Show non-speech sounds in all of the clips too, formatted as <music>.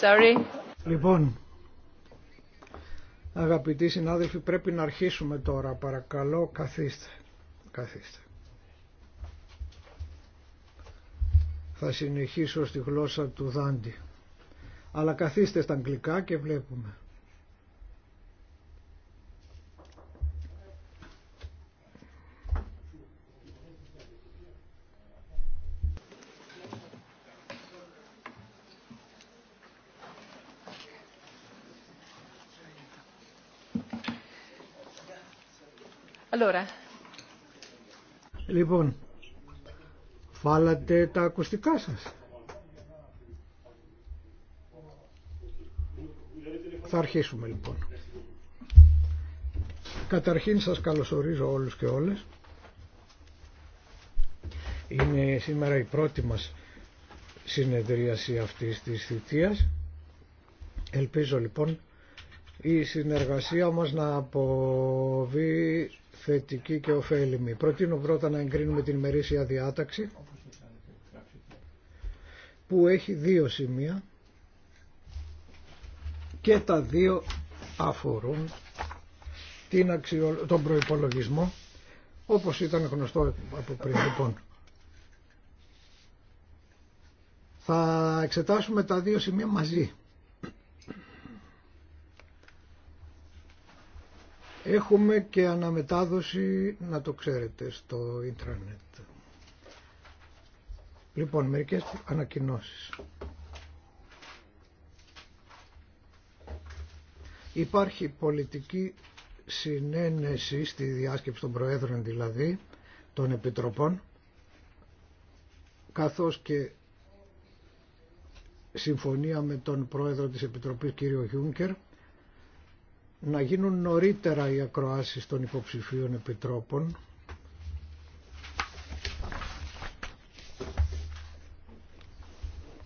Sorry. Λοιπόν, αγαπητοί συνάδελφοι, πρέπει να αρχίσουμε τώρα. Παρακαλώ, καθίστε. Καθίστε. Θα συνεχίσω στη γλώσσα του Δάντη. Αλλά καθίστε στα αγγλικά και βλέπουμε. Λοιπόν, φάλατε τα ακουστικά σας. Θα αρχίσουμε λοιπόν. Καταρχήν σας καλωσορίζω όλους και όλες. Είναι σήμερα η πρώτη μας συνεδρίαση αυτής της θητείας. Ελπίζω λοιπόν η συνεργασία μας να αποβεί θετική και ωφέλιμη. Προτείνω πρώτα να εγκρίνουμε την ημερήσια διάταξη που έχει δύο σημεία και τα δύο αφορούν την αξιο... τον προϋπολογισμό όπως ήταν γνωστό από πριν λοιπόν, Θα εξετάσουμε τα δύο σημεία μαζί. Έχουμε και αναμετάδοση, να το ξέρετε, στο ίντρανετ. Λοιπόν, μερικές ανακοινώσεις. Υπάρχει πολιτική συνένεση στη διάσκεψη των Προέδρων δηλαδή, των Επιτροπών, καθώς και συμφωνία με τον Πρόεδρο της Επιτροπής κύριο Γιούνκερ, να γίνουν νωρίτερα οι ακροάσεις των υποψηφίων επιτρόπων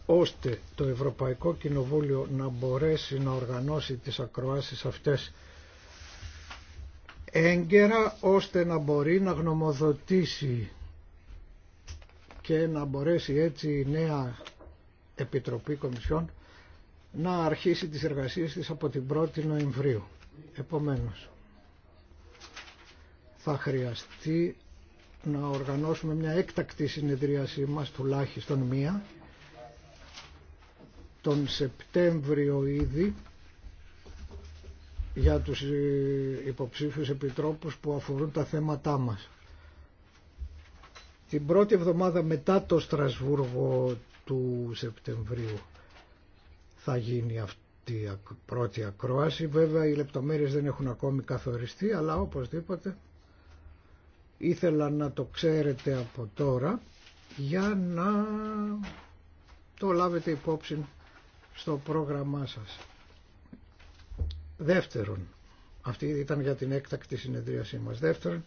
ώστε το Ευρωπαϊκό Κοινοβούλιο να μπορέσει να οργανώσει τις ακροάσεις αυτές έγκαιρα ώστε να μπορεί να γνωμοδοτήσει και να μπορέσει έτσι η νέα Επιτροπή Κομισιόν να αρχίσει τις εργασίες της από την 1η Νοεμβρίου. Επομένως, θα χρειαστεί να οργανώσουμε μια έκτακτη συνεδρίασή μας, τουλάχιστον μία, τον Σεπτέμβριο ήδη, για τους ε, υποψήφιους επιτρόπους που αφορούν τα θέματά μας. Την πρώτη εβδομάδα μετά το Στρασβούργο του Σεπτεμβρίου θα γίνει αυτό Τη πρώτη ακρόαση. Βέβαια οι λεπτομέρειες δεν έχουν ακόμη καθοριστεί αλλά οπωσδήποτε ήθελα να το ξέρετε από τώρα για να το λάβετε υπόψη στο πρόγραμμά σας. Δεύτερον, αυτή ήταν για την έκτακτη συνεδρίασή μας. Δεύτερον,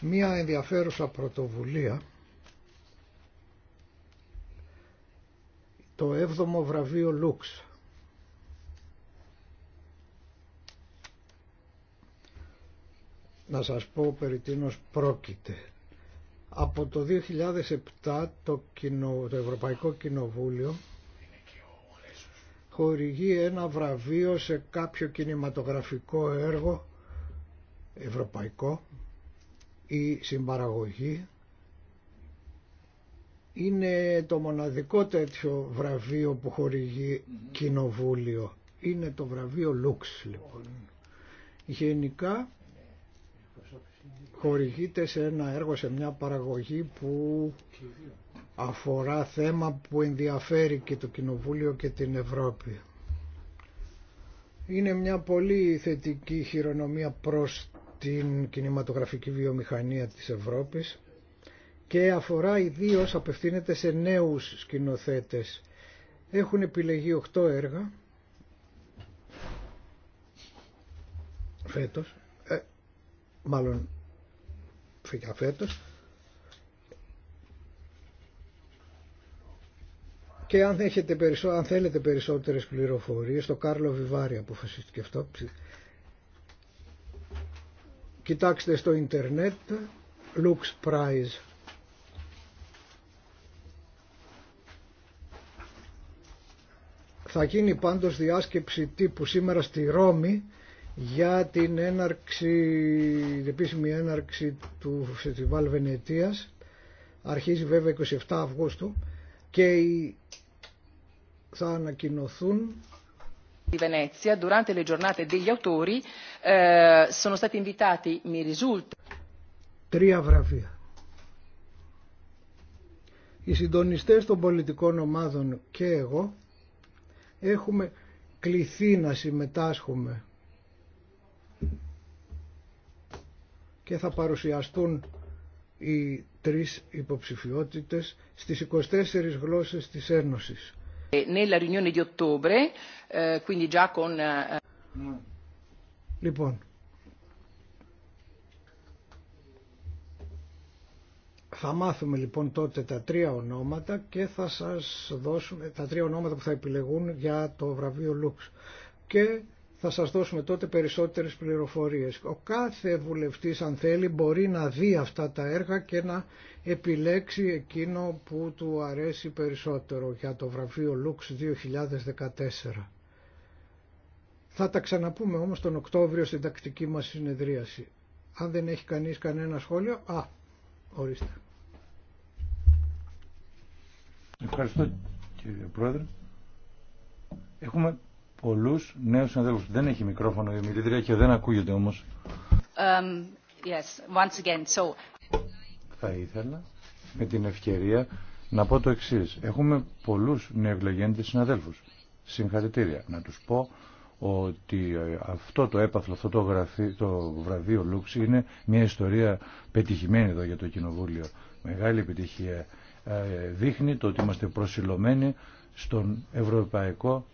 μία ενδιαφέρουσα πρωτοβουλία το 7ο βραβείο Λούξ να σας πω περί τίνος πρόκειται. Από το 2007 το, το Ευρωπαϊκό Κοινοβούλιο χορηγεί ένα βραβείο σε κάποιο κινηματογραφικό έργο ευρωπαϊκό ή συμπαραγωγή. Είναι το μοναδικό τέτοιο βραβείο που χορηγεί κοινοβούλιο. Είναι το βραβείο Λουξ λοιπόν. Γενικά χορηγείται σε ένα έργο, σε μια παραγωγή που αφορά θέμα που ενδιαφέρει και το Κοινοβούλιο και την Ευρώπη. Είναι μια πολύ θετική χειρονομία προς την κινηματογραφική βιομηχανία της Ευρώπης και αφορά ιδίως απευθύνεται σε νέους σκηνοθέτες. Έχουν επιλεγεί 8 έργα φέτος, ε, μάλλον και αν, έχετε αν θέλετε περισσότερες πληροφορίες το Κάρλο Βιβάρη αποφασίστηκε αυτό κοιτάξτε στο ίντερνετ Lux Prize θα γίνει πάντως διάσκεψη τύπου σήμερα στη Ρώμη για την έναρξη, επίσημη έναρξη του Φεστιβάλ Βενετίας αρχίζει βέβαια 27 Αυγούστου και θα ανακοινωθούν di Venezia durante le giornate ε, Τρία βραβεία. Οι συντονιστές των πολιτικών ομάδων και εγώ έχουμε κληθεί να συμμετάσχουμε και θα παρουσιαστούν οι τρεις υποψηφιότητες στις 24 γλώσσες της Ένωσης. Λοιπόν, θα μάθουμε λοιπόν τότε τα τρία ονόματα και θα σας δώσουμε τα τρία ονόματα που θα επιλεγούν για το βραβείο Λουξ. Και θα σας δώσουμε τότε περισσότερες πληροφορίες. Ο κάθε βουλευτής αν θέλει μπορεί να δει αυτά τα έργα και να επιλέξει εκείνο που του αρέσει περισσότερο για το βραβείο Λουξ 2014. Θα τα ξαναπούμε όμως τον Οκτώβριο στην τακτική μας συνεδρίαση. Αν δεν έχει κανείς κανένα σχόλιο, α, ορίστε. Ευχαριστώ κύριε Πρόεδρε. Πολλού νέους συναδέλφους. Δεν έχει μικρόφωνο η μιλήτρια και δεν ακούγεται όμως. Um, yes, so... Θα ήθελα με την ευκαιρία να πω το εξή. Έχουμε πολλούς νεοεκλογέντες συναδέλφου. Συγχαρητήρια. Να του πω ότι ε, αυτό το έπαθλο, αυτό το, το βραβείο Λούξ είναι μια ιστορία πετυχημένη εδώ για το Κοινοβούλιο. Μεγάλη επιτυχία. Ε, δείχνει το ότι είμαστε προσιλωμένοι στον ευρωπαϊκό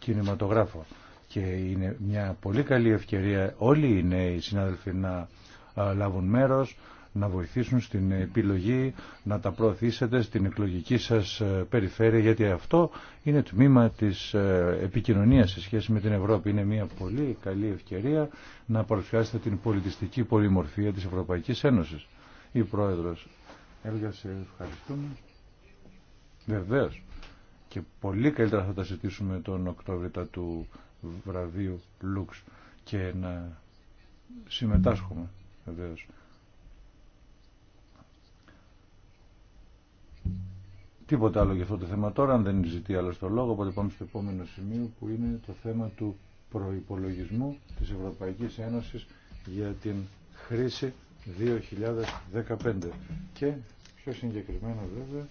κινηματογράφο. Και είναι μια πολύ καλή ευκαιρία όλοι οι νέοι συνάδελφοι να λάβουν μέρος, να βοηθήσουν στην επιλογή, να τα προωθήσετε στην εκλογική σας ε, περιφέρεια, γιατί αυτό είναι τμήμα της ε, επικοινωνίας σε σχέση με την Ευρώπη. Είναι μια πολύ καλή ευκαιρία να παρουσιάσετε την πολιτιστική πολυμορφία της Ευρωπαϊκής Ένωσης. Η Πρόεδρος. έργασε ευχαριστούμε. Βεβαίως και πολύ καλύτερα θα τα συζητήσουμε τον Οκτώβριο του βραβείου Λουξ και να συμμετάσχουμε βεβαίω. Τίποτα άλλο για αυτό το θέμα τώρα, αν δεν ζητεί άλλο το λόγο, οπότε πάμε στο επόμενο σημείο που είναι το θέμα του προϋπολογισμού της Ευρωπαϊκής Ένωσης για την χρήση 2015. Και πιο συγκεκριμένα βέβαια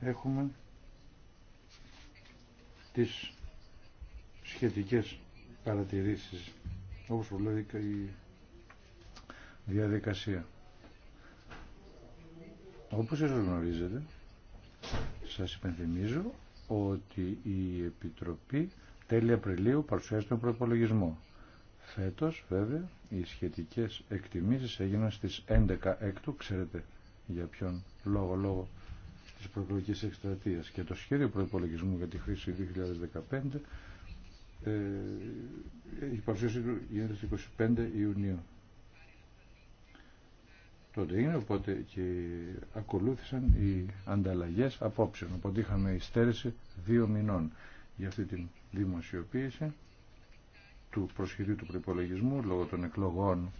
έχουμε τις σχετικές παρατηρήσεις όπως προβλέπει η διαδικασία. Όπως εσείς γνωρίζετε, σας υπενθυμίζω ότι η Επιτροπή τέλη Απριλίου παρουσιάζει τον προπολογισμό. Φέτος, βέβαια, οι σχετικές εκτιμήσεις έγιναν στις 11 έκτου, ξέρετε για ποιον λόγο, λόγο της προεκλογικής εκστρατείας και το σχέδιο προϋπολογισμού για τη χρήση 2015 ε, η παρουσίαση 25 Ιουνίου. Τότε είναι, οπότε και ακολούθησαν οι ανταλλαγές απόψεων. Οπότε είχαμε υστέρηση δύο μηνών για αυτή την δημοσιοποίηση του προσχεδίου του προϋπολογισμού λόγω των εκλογών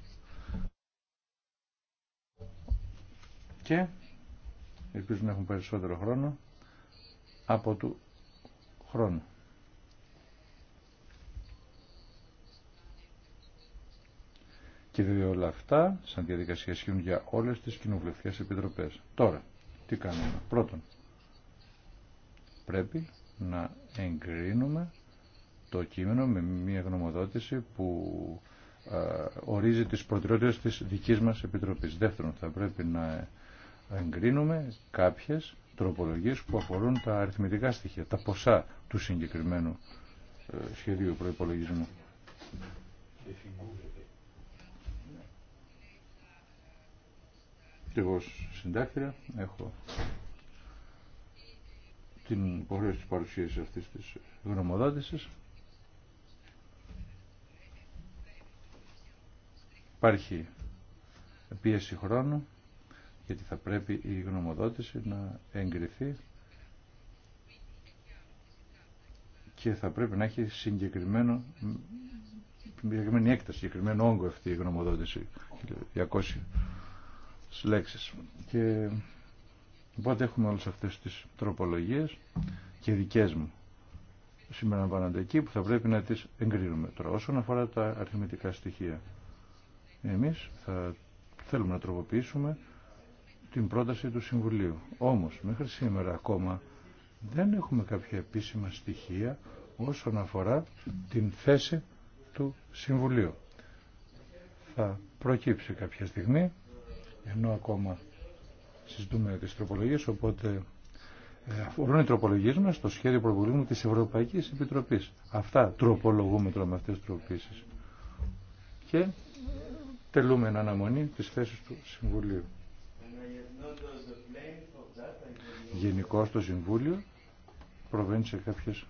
και ελπίζω να έχουν περισσότερο χρόνο από του χρόνου. Και βέβαια όλα αυτά, σαν διαδικασία, ισχύουν για όλες τις κοινοβουλευτικές επιτροπές. Τώρα, τι κάνουμε. Πρώτον, πρέπει να εγκρίνουμε το κείμενο με μια γνωμοδότηση που ε, ορίζει τις προτεραιότητες της δικής μας επιτροπής. Δεύτερον, θα πρέπει να εγκρίνουμε κάποιες τροπολογίες που αφορούν τα αριθμητικά στοιχεία, τα ποσά του συγκεκριμένου ε, σχεδίου προϋπολογισμού. Και εγώ συντάκτηρα έχω την υποχρέωση της παρουσίασης αυτής της γνωμοδότησης. Υπάρχει πίεση χρόνου γιατί θα πρέπει η γνωμοδότηση να εγκριθεί και θα πρέπει να έχει συγκεκριμένο συγκεκριμένη έκταση, συγκεκριμένο όγκο αυτή η γνωμοδότηση 200 λέξεις και οπότε έχουμε όλες αυτές τις τροπολογίες και δικές μου σήμερα πάνε εκεί που θα πρέπει να τις εγκρίνουμε τώρα όσον αφορά τα αριθμητικά στοιχεία εμείς θα θέλουμε να τροποποιήσουμε την πρόταση του Συμβουλίου. Όμως, μέχρι σήμερα ακόμα δεν έχουμε κάποια επίσημα στοιχεία όσον αφορά την θέση του Συμβουλίου. Θα προκύψει κάποια στιγμή, ενώ ακόμα συζητούμε τις τροπολογίες, οπότε ε, αφορούν οι τροπολογίες μας στο σχέδιο μου της Ευρωπαϊκής Επιτροπής. Αυτά τροπολογούμε τώρα με αυτές τις Και τελούμε εν αναμονή της θέσης του Συμβουλίου. γενικώ το Συμβούλιο προβαίνει σε κάποιες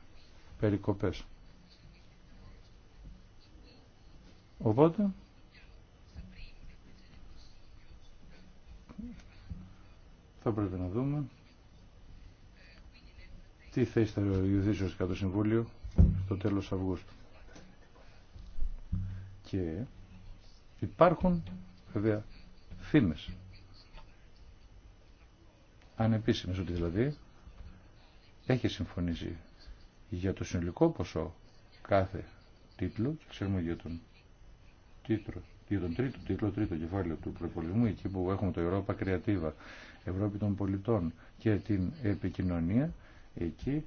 περικοπές. Οπότε θα πρέπει να δούμε τι θέση θα υιοθήσει στο το Συμβούλιο στο τέλος Αυγούστου. Και υπάρχουν βέβαια φήμες ανεπίσημες, ότι δηλαδή έχει συμφωνήσει για το συνολικό ποσό κάθε τίτλου και ξέρουμε για τον τίτλο, τρίτο, τίτλο, τρίτο κεφάλαιο του προπολισμού, εκεί που έχουμε το Ευρώπα Κρεατίβα, Ευρώπη των Πολιτών και την επικοινωνία, εκεί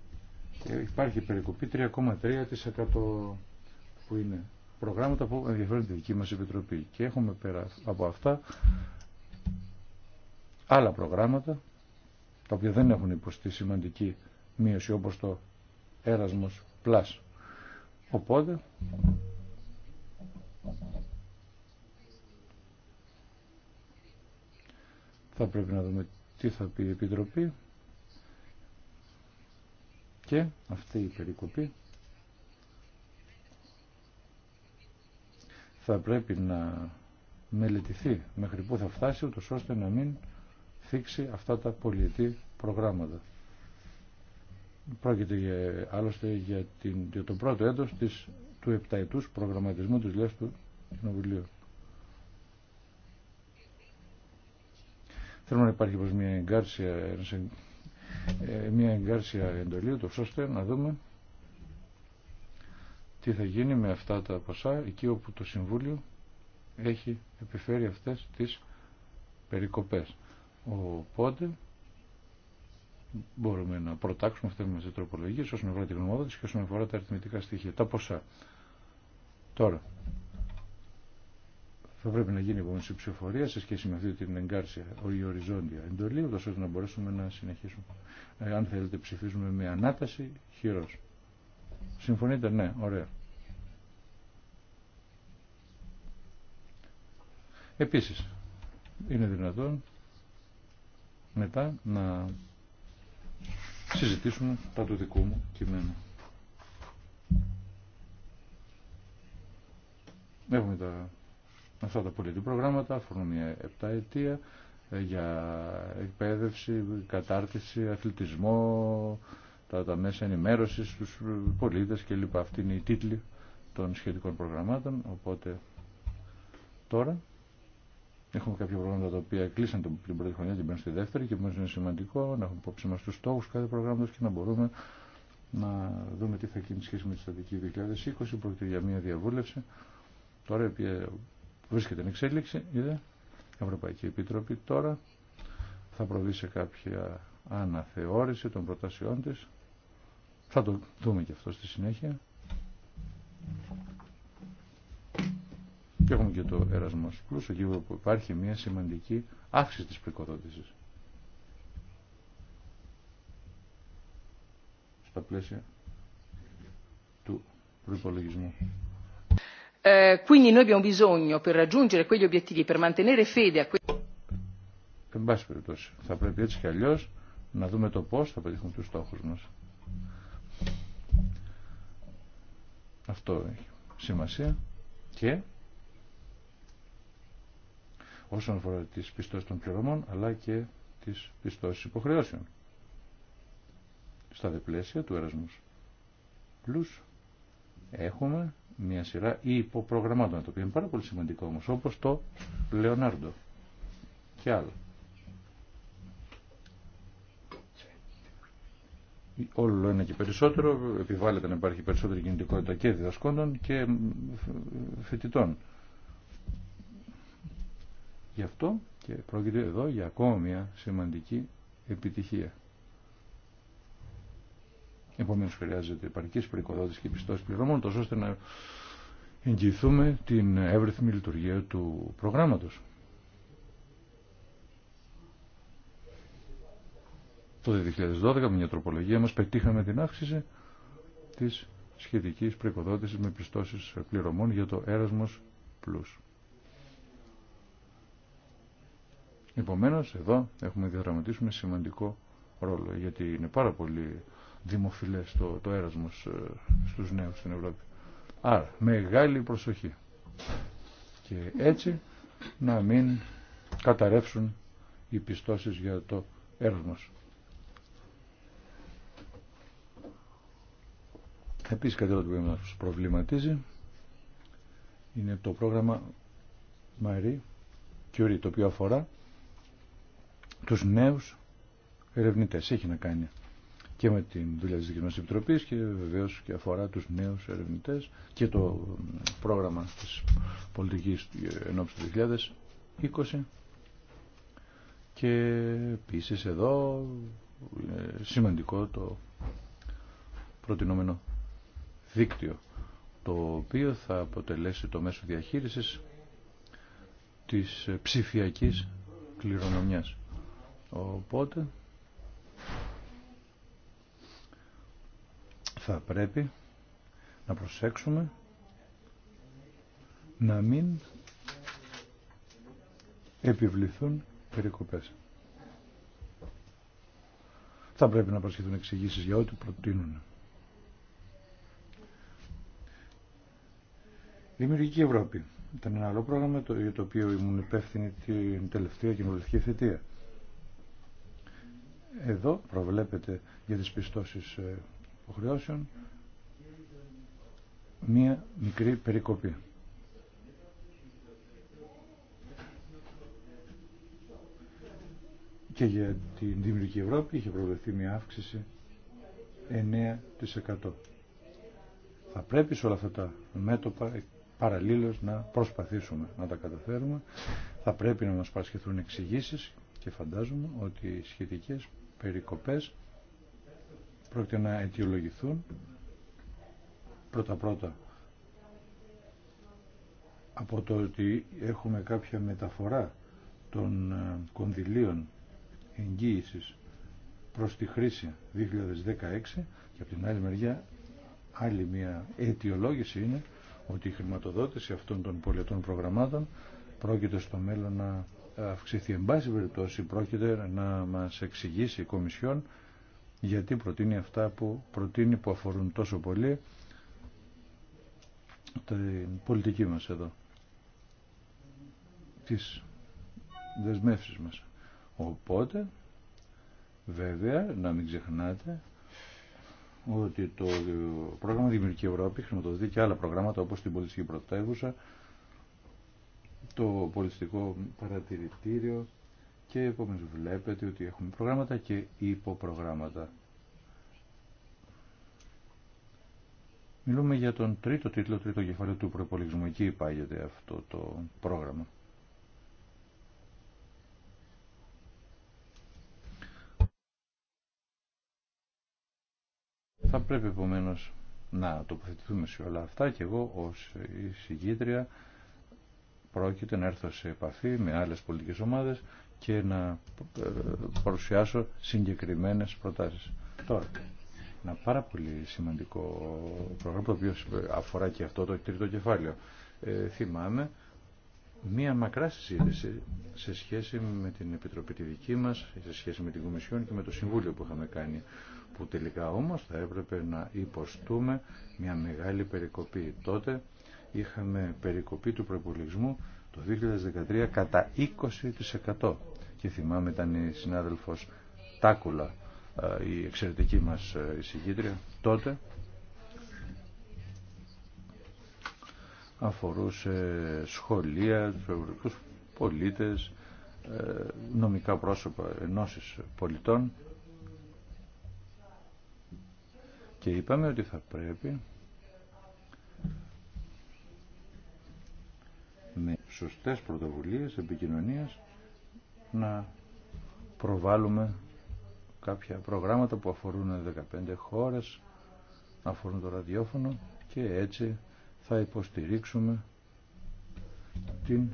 υπάρχει περικοπή 3,3% που είναι προγράμματα που ενδιαφέρουν τη δική μας Επιτροπή. Και έχουμε πέρα από αυτά άλλα προγράμματα τα οποία δεν έχουν υποστεί σημαντική μείωση όπως το Erasmus Plus. Οπότε θα πρέπει να δούμε τι θα πει η Επιτροπή και αυτή η περικοπή θα πρέπει να μελετηθεί μέχρι πού θα φτάσει ούτως ώστε να μην θίξει αυτά τα πολιετή προγράμματα. Πρόκειται για, άλλωστε για, την, για το πρώτο έτος της, του επταετούς προγραμματισμού της ΛΕΣ του Κοινοβουλίου. Θέλω να υπάρχει πως μια εγκάρσια, ε, μια εγκάρσια εντολή, το ώστε να δούμε τι θα γίνει με αυτά τα ποσά εκεί όπου το Συμβούλιο έχει επιφέρει αυτές τις περικοπές. Οπότε μπορούμε να προτάξουμε αυτές μας τις τροπολογίες όσον αφορά τη γνωμόδοτηση και όσον αφορά τα αριθμητικά στοιχεία, τα ποσά. Τώρα, θα πρέπει να γίνει επομένως η ψηφορία σε σχέση με αυτή την εγκάρσια η οριζόντια εντολή, ώστε να μπορέσουμε να συνεχίσουμε. Ε, αν θέλετε ψηφίζουμε με ανάταση, χειρός. Συμφωνείτε, ναι, ωραία. Επίσης, είναι δυνατόν μετά να συζητήσουμε τα του δικού μου κειμένου. Έχουμε τα, αυτά τα πολιτικά προγράμματα, αφορούν μια αιτία, ε, για εκπαίδευση, κατάρτιση, αθλητισμό, τα, τα μέσα ενημέρωσης στους πολίτες λοιπά. Αυτή είναι η τίτλη των σχετικών προγραμμάτων, οπότε τώρα Έχουμε κάποια προγράμματα τα οποία κλείσαν την πρώτη χρονιά την μπαίνουν στη δεύτερη και επομένω είναι σημαντικό να έχουμε υπόψη μα του στόχου κάθε προγράμματο και να μπορούμε να δούμε τι θα γίνει σχέση με τη στατική 2020. Πρόκειται για μια διαβούλευση. Τώρα η οποία βρίσκεται εν εξέλιξη, είδε, η Ευρωπαϊκή Επιτροπή τώρα θα προβεί σε κάποια αναθεώρηση των προτάσεών τη Θα το δούμε και αυτό στη συνέχεια. Και έχουμε και το Erasmus Plus, εκεί που υπάρχει μια σημαντική αύξηση της πρικοδότησης. Στα πλαίσια του προϋπολογισμού. Ε, quindi noi Εν πάση περιπτώσει, θα πρέπει έτσι και αλλιώς να δούμε το πώς θα πετύχουν τους στόχους μας. Αυτό έχει σημασία και όσον αφορά τις πιστώσεις των πληρωμών αλλά και τις πιστώσεις υποχρεώσεων στα διπλαίσια του Erasmus Plus έχουμε μια σειρά ή υποπρογραμμάτων το οποίο είναι πάρα πολύ σημαντικό όμως όπως το Λεωνάρντο και άλλα όλο ένα και περισσότερο επιβάλλεται να υπάρχει περισσότερη κινητικότητα και διδασκόντων και φοιτητών Γι' αυτό και πρόκειται εδώ για ακόμα μια σημαντική επιτυχία. Επομένως χρειάζεται επαρκής προοικοδότηση και πιστός πληρωμών, τόσο ώστε να εγγυηθούμε την εύρυθμη λειτουργία του προγράμματος. Το 2012 με μια τροπολογία μας πετύχαμε την αύξηση της σχετικής προϋποδότησης με πιστώσεις πληρωμών για το Erasmus Plus. Επομένως εδώ έχουμε διαδραματίσουμε σημαντικό ρόλο γιατί είναι πάρα πολύ δημοφιλές το, το έρασμος ε, στους νέους στην Ευρώπη. Άρα μεγάλη προσοχή και έτσι να μην καταρρεύσουν οι πιστώσεις για το έρασμος. Επίσης κάτι άλλο που να προβληματίζει είναι το πρόγραμμα Μαρή Curie το οποίο αφορά τους νέους ερευνητές. Έχει να κάνει και με την δουλειά της δικής Επιτροπής και βεβαίως και αφορά τους νέους ερευνητές και το πρόγραμμα της πολιτικής ενόψης του 2020 και επίση εδώ σημαντικό το προτινόμενο δίκτυο το οποίο θα αποτελέσει το μέσο διαχείρισης της ψηφιακής κληρονομιάς. Οπότε θα πρέπει να προσέξουμε να μην επιβληθούν περικοπές. Θα πρέπει να προσχεθούν εξηγήσει για ό,τι προτείνουν. Δημιουργική Ευρώπη ήταν ένα άλλο πρόγραμμα το, για το οποίο ήμουν υπεύθυνη την τελευταία κοινοβουλευτική θητεία. Εδώ προβλέπεται για τις πιστώσεις ε, υποχρεώσεων μία μικρή περικοπή. Και για την Δημιουργική Ευρώπη είχε προβλεφθεί μία αύξηση 9%. Θα πρέπει σε όλα αυτά τα μέτωπα παραλλήλως να προσπαθήσουμε να τα καταφέρουμε. Θα πρέπει να μας παρασχεθούν εξηγήσει και φαντάζομαι ότι οι σχετικές περικοπές πρόκειται να αιτιολογηθούν πρώτα-πρώτα από το ότι έχουμε κάποια μεταφορά των ε, κονδυλίων εγγύησης προς τη χρήση 2016 και από την άλλη μεριά άλλη μια αιτιολόγηση είναι ότι η χρηματοδότηση αυτών των πολιτών προγραμμάτων πρόκειται στο μέλλον να αυξηθεί. Εν πάση περιπτώσει πρόκειται να μας εξηγήσει η Κομισιόν γιατί προτείνει αυτά που προτείνει που αφορούν τόσο πολύ την πολιτική μας εδώ. Τις δεσμεύσεις μας. Οπότε βέβαια να μην ξεχνάτε ότι το πρόγραμμα Δημιουργική Ευρώπη χρηματοδοτεί και άλλα προγράμματα όπως την πολιτική πρωτεύουσα το πολιτιστικό παρατηρητήριο και επομένως βλέπετε ότι έχουμε προγράμματα και υποπρογράμματα. Μιλούμε για τον τρίτο τίτλο, τρίτο κεφάλαιο του προπολογισμού. Εκεί υπάγεται αυτό το πρόγραμμα. Θα πρέπει επομένω να τοποθετηθούμε σε όλα αυτά και εγώ ως εισηγήτρια πρόκειται να έρθω σε επαφή με άλλες πολιτικές ομάδες και να ε, παρουσιάσω συγκεκριμένες προτάσεις. Τώρα, ένα πάρα πολύ σημαντικό πρόγραμμα το οποίο αφορά και αυτό το τρίτο κεφάλαιο. Ε, θυμάμαι μία μακρά συζήτηση σε σχέση με την Επιτροπή τη δική μας, σε σχέση με την Κομισιόν και με το Συμβούλιο που είχαμε κάνει, που τελικά όμως θα έπρεπε να υποστούμε μια μεγάλη περικοπή τότε είχαμε περικοπή του προπολογισμού το 2013 κατά 20% και θυμάμαι ήταν η συνάδελφος Τάκουλα ε, η εξαιρετική μας ε, εισηγήτρια τότε αφορούσε σχολεία, τους ευρωπαϊκούς πολίτες, ε, νομικά πρόσωπα ενώσεις πολιτών και είπαμε ότι θα πρέπει σωστές πρωτοβουλίες επικοινωνίας να προβάλλουμε κάποια προγράμματα που αφορούν 15 χώρες, αφορούν το ραδιόφωνο και έτσι θα υποστηρίξουμε την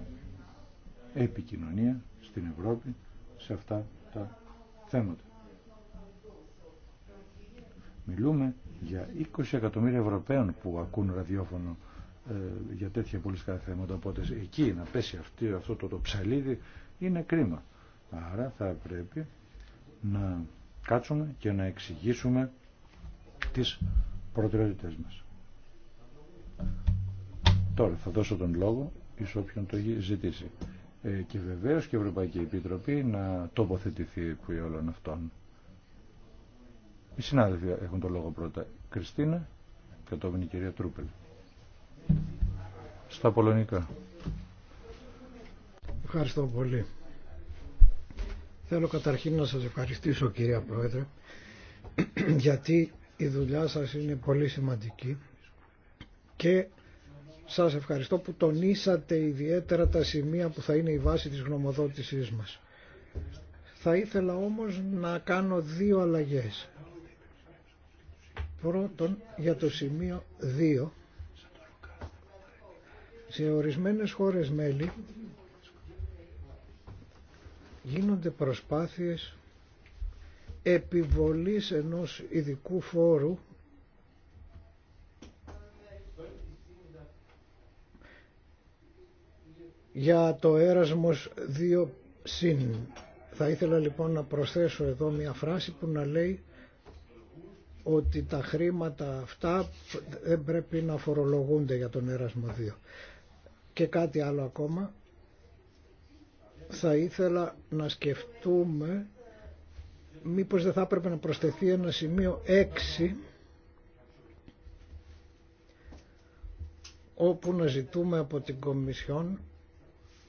επικοινωνία στην Ευρώπη σε αυτά τα θέματα. Μιλούμε για 20 εκατομμύρια Ευρωπαίων που ακούν ραδιόφωνο ε, για τέτοια πολιτικά θέματα. Οπότε εκεί να πέσει αυτή, αυτό το, το ψαλίδι είναι κρίμα. Άρα θα πρέπει να κάτσουμε και να εξηγήσουμε τις προτεραιότητες μας. Τώρα θα δώσω τον λόγο εις όποιον το έχει ζητήσει. Ε, και βεβαίως και η Ευρωπαϊκή Επιτροπή να τοποθετηθεί που όλων αυτών. Οι συνάδελφοι έχουν τον λόγο πρώτα. Κριστίνα, κατόπιν η κυρία Τρούπελ στα πολωνικά. Ευχαριστώ πολύ. Θέλω καταρχήν να σας ευχαριστήσω κυρία Πρόεδρε γιατί η δουλειά σας είναι πολύ σημαντική και σας ευχαριστώ που τονίσατε ιδιαίτερα τα σημεία που θα είναι η βάση της γνωμοδότησής μας. Θα ήθελα όμως να κάνω δύο αλλαγές. Πρώτον για το σημείο 2 σε ορισμένες χώρες μέλη γίνονται προσπάθειες επιβολής ενός ειδικού φόρου για το έρασμος 2 συν. Θα ήθελα λοιπόν να προσθέσω εδώ μια φράση που να λέει ότι τα χρήματα αυτά δεν πρέπει να φορολογούνται για τον έρασμο 2. Και κάτι άλλο ακόμα. Θα ήθελα να σκεφτούμε μήπως δεν θα έπρεπε να προσθεθεί ένα σημείο 6 όπου να ζητούμε από την Κομισιόν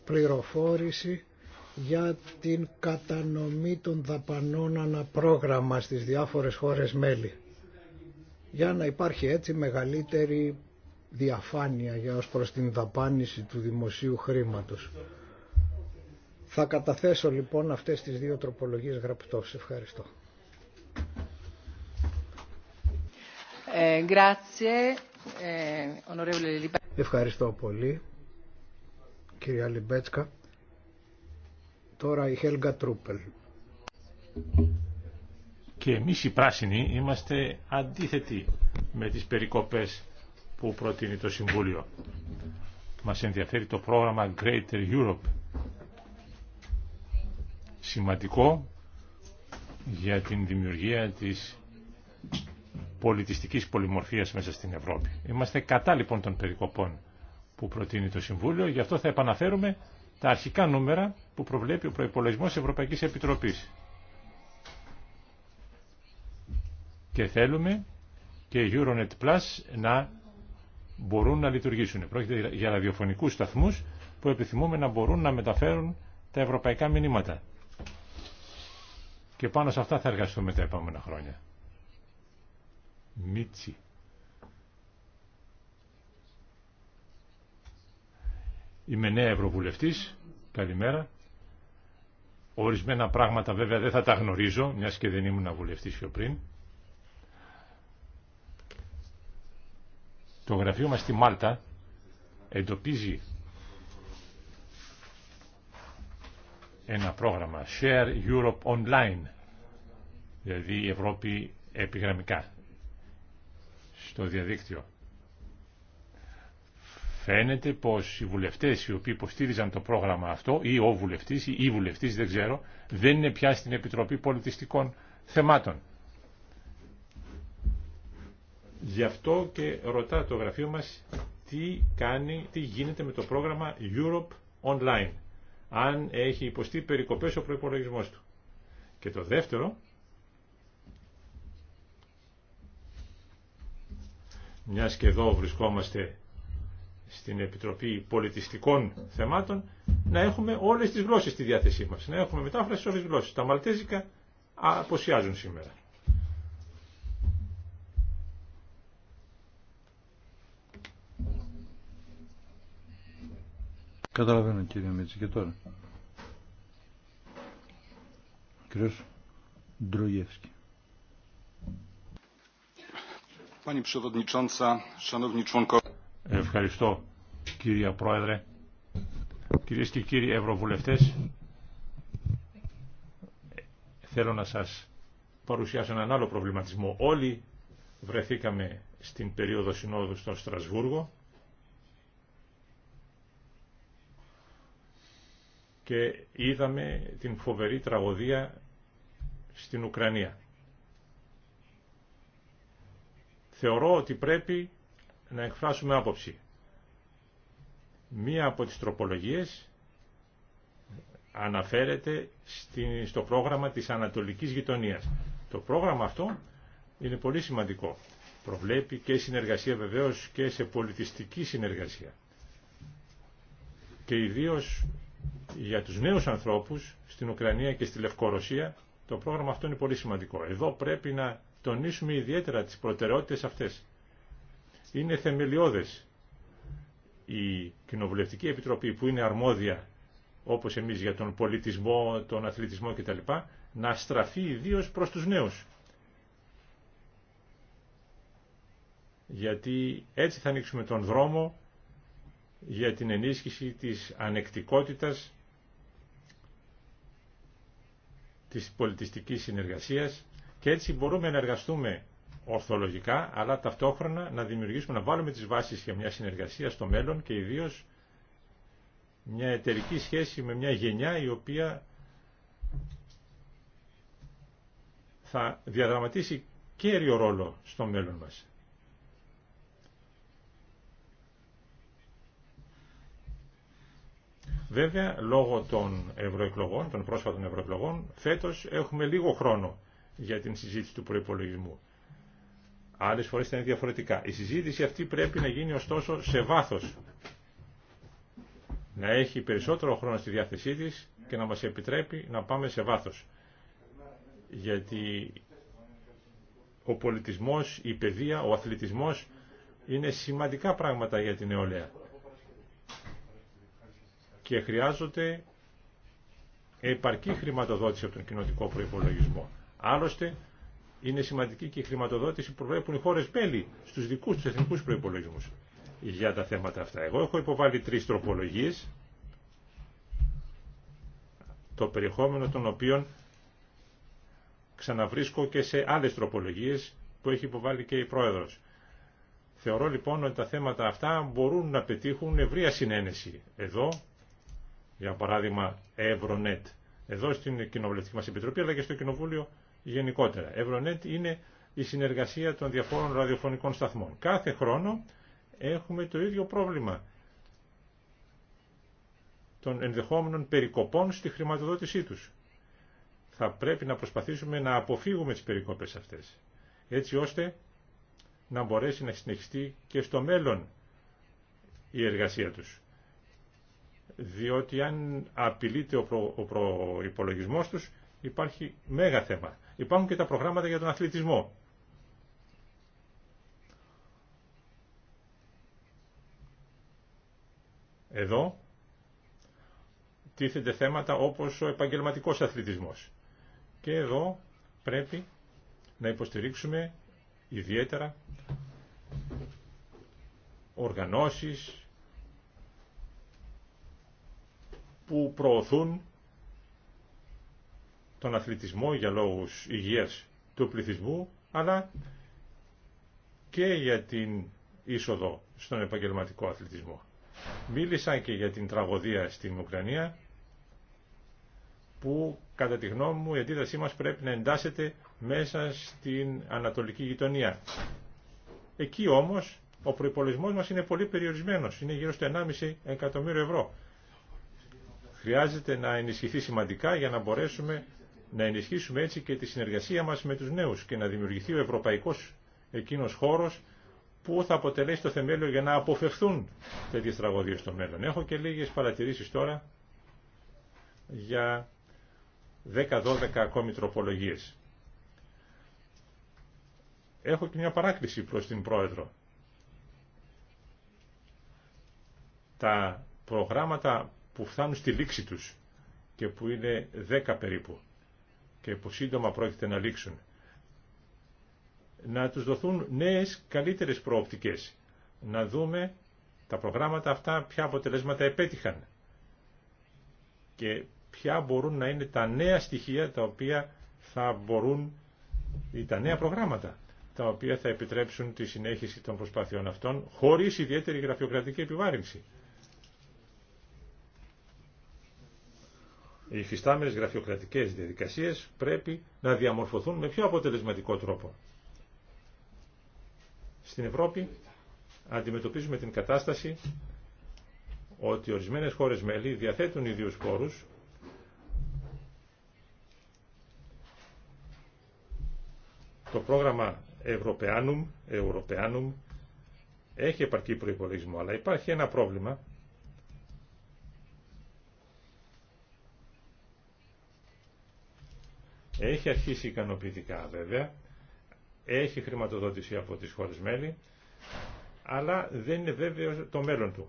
πληροφόρηση για την κατανομή των δαπανών αναπρόγραμμα στις διάφορες χώρες μέλη για να υπάρχει έτσι μεγαλύτερη διαφάνεια για ως προς την δαπάνηση του δημοσίου χρήματος. Θα καταθέσω λοιπόν αυτές τις δύο τροπολογίες γραπτός. Ευχαριστώ. Ε, ε, Ευχαριστώ πολύ, κυρία Λιμπέτσκα. Τώρα η Χέλγα Τρούπελ. Και εμείς οι πράσινοι είμαστε αντίθετοι με τις περικοπές που προτείνει το Συμβούλιο. Μας ενδιαφέρει το πρόγραμμα Greater Europe. Σημαντικό για την δημιουργία της πολιτιστικής πολυμορφίας μέσα στην Ευρώπη. Είμαστε κατά λοιπόν των περικοπών που προτείνει το Συμβούλιο, γι' αυτό θα επαναφέρουμε τα αρχικά νούμερα που προβλέπει ο προπολογισμό Ευρωπαϊκής Επιτροπής. Και θέλουμε και Euronet Plus να μπορούν να λειτουργήσουν. Πρόκειται για ραδιοφωνικούς σταθμούς που επιθυμούμε να μπορούν να μεταφέρουν τα ευρωπαϊκά μηνύματα. Και πάνω σε αυτά θα εργαστούμε τα επόμενα χρόνια. Μίτσι. Είμαι νέα Ευρωβουλευτής. Καλημέρα. Ορισμένα πράγματα βέβαια δεν θα τα γνωρίζω, μιας και δεν ήμουν βουλευτής πιο πριν. Το γραφείο μας στη Μάλτα εντοπίζει ένα πρόγραμμα Share Europe Online δηλαδή η Ευρώπη επιγραμμικά στο διαδίκτυο. Φαίνεται πως οι βουλευτές οι οποίοι υποστήριζαν το πρόγραμμα αυτό ή ο βουλευτής ή η βουλευτής δεν ξέρω δεν είναι πια στην Επιτροπή Πολιτιστικών Θεμάτων. Γι' αυτό και ρωτά το γραφείο μας τι, κάνει, τι γίνεται με το πρόγραμμα Europe Online, αν έχει υποστεί περικοπές ο προπολογισμό του. Και το δεύτερο, μια και εδώ βρισκόμαστε στην Επιτροπή Πολιτιστικών Θεμάτων, να έχουμε όλες τις γλώσσες στη διάθεσή μας, να έχουμε μετάφραση σε όλες τις γλώσσες. Τα Μαλτέζικα αποσιάζουν σήμερα. Καταλαβαίνω κύριε Μίτση και τώρα. Κύριος Ντρογεύσκη. Ευχαριστώ κύριε Πρόεδρε. Κυρίες και κύριοι Ευρωβουλευτές, θέλω να σας παρουσιάσω έναν άλλο προβληματισμό. Όλοι βρεθήκαμε στην περίοδο συνόδου στο Στρασβούργο και είδαμε την φοβερή τραγωδία στην Ουκρανία. Θεωρώ ότι πρέπει να εκφράσουμε άποψη. Μία από τις τροπολογίες αναφέρεται στο πρόγραμμα της Ανατολικής Γειτονίας. Το πρόγραμμα αυτό είναι πολύ σημαντικό. Προβλέπει και συνεργασία βεβαίως και σε πολιτιστική συνεργασία. Και ιδίως για τους νέους ανθρώπους στην Ουκρανία και στη Λευκορωσία το πρόγραμμα αυτό είναι πολύ σημαντικό. Εδώ πρέπει να τονίσουμε ιδιαίτερα τις προτεραιότητες αυτές. Είναι θεμελιώδες η Κοινοβουλευτική Επιτροπή που είναι αρμόδια όπως εμείς για τον πολιτισμό, τον αθλητισμό κτλ. να στραφεί ιδίω προς τους νέους. Γιατί έτσι θα ανοίξουμε τον δρόμο για την ενίσχυση της ανεκτικότητας της πολιτιστικής συνεργασίας και έτσι μπορούμε να εργαστούμε ορθολογικά, αλλά ταυτόχρονα να δημιουργήσουμε, να βάλουμε τις βάσεις για μια συνεργασία στο μέλλον και ιδίως μια εταιρική σχέση με μια γενιά η οποία θα διαδραματίσει κέριο ρόλο στο μέλλον μας. Βέβαια, λόγω των ευρωεκλογών, των πρόσφατων ευρωεκλογών, φέτος έχουμε λίγο χρόνο για την συζήτηση του προπολογισμού. Άλλε φορέ ήταν είναι διαφορετικά. Η συζήτηση αυτή πρέπει να γίνει ωστόσο σε βάθος. Να έχει περισσότερο χρόνο στη διάθεσή τη και να μας επιτρέπει να πάμε σε βάθος. Γιατί ο πολιτισμός, η παιδεία, ο αθλητισμό είναι σημαντικά πράγματα για την νεολαία και χρειάζονται επαρκή χρηματοδότηση από τον κοινοτικό προϋπολογισμό. Άλλωστε, είναι σημαντική και η χρηματοδότηση που προβλέπουν οι χώρες μέλη στους δικούς τους εθνικούς προϋπολογισμούς για τα θέματα αυτά. Εγώ έχω υποβάλει τρεις τροπολογίες, το περιεχόμενο των οποίων ξαναβρίσκω και σε άλλες τροπολογίες που έχει υποβάλει και η Πρόεδρος. Θεωρώ λοιπόν ότι τα θέματα αυτά μπορούν να πετύχουν ευρεία συνένεση εδώ για παράδειγμα ΕυρωΝΕΤ, εδώ στην Κοινοβουλευτική μας Επιτροπή, αλλά και στο Κοινοβούλιο γενικότερα. Euronet είναι η συνεργασία των διαφόρων ραδιοφωνικών σταθμών. Κάθε χρόνο έχουμε το ίδιο πρόβλημα των ενδεχόμενων περικοπών στη χρηματοδότησή τους. Θα πρέπει να προσπαθήσουμε να αποφύγουμε τις περικοπές αυτές, έτσι ώστε να μπορέσει να συνεχιστεί και στο μέλλον η εργασία τους διότι αν απειλείται ο προϋπολογισμός τους υπάρχει μέγα θέμα. Υπάρχουν και τα προγράμματα για τον αθλητισμό. Εδώ τίθενται θέματα όπως ο επαγγελματικός αθλητισμός. Και εδώ πρέπει να υποστηρίξουμε ιδιαίτερα οργανώσεις, που προωθούν τον αθλητισμό για λόγους υγείας του πληθυσμού, αλλά και για την είσοδο στον επαγγελματικό αθλητισμό. Μίλησαν και για την τραγωδία στην Ουκρανία, που κατά τη γνώμη μου η αντίδρασή μας πρέπει να εντάσσεται μέσα στην ανατολική γειτονία. Εκεί όμως ο προϋπολογισμός μας είναι πολύ περιορισμένος, είναι γύρω στο 1,5 εκατομμύριο ευρώ χρειάζεται να ενισχυθεί σημαντικά για να μπορέσουμε να ενισχύσουμε έτσι και τη συνεργασία μας με τους νέους και να δημιουργηθεί ο ευρωπαϊκός εκείνος χώρος που θα αποτελέσει το θεμέλιο για να αποφευθούν τέτοιες τραγωδίες στο μέλλον. Έχω και λίγες παρατηρήσεις τώρα για 10-12 ακόμη τροπολογίες. Έχω και μια παράκληση προς την Πρόεδρο. Τα προγράμματα που φτάνουν στη λήξη τους και που είναι δέκα περίπου και που σύντομα πρόκειται να λήξουν. Να τους δοθούν νέες καλύτερες προοπτικές. Να δούμε τα προγράμματα αυτά ποια αποτελέσματα επέτυχαν και ποια μπορούν να είναι τα νέα στοιχεία τα οποία θα μπορούν ή τα νέα προγράμματα τα οποία θα επιτρέψουν τη συνέχιση των προσπάθειών αυτών χωρίς ιδιαίτερη γραφειοκρατική επιβάρυνση. Οι υφιστάμενε γραφειοκρατικέ διαδικασίε πρέπει να διαμορφωθούν με πιο αποτελεσματικό τρόπο. Στην Ευρώπη αντιμετωπίζουμε την κατάσταση ότι ορισμένε χώρε μέλη διαθέτουν ιδίους πόρου το πρόγραμμα Ευρωπεάνουμ έχει επαρκή προϋπολογισμό, αλλά υπάρχει ένα πρόβλημα Έχει αρχίσει ικανοποιητικά βέβαια, έχει χρηματοδότηση από τις χώρες μέλη, αλλά δεν είναι βέβαιο το μέλλον του.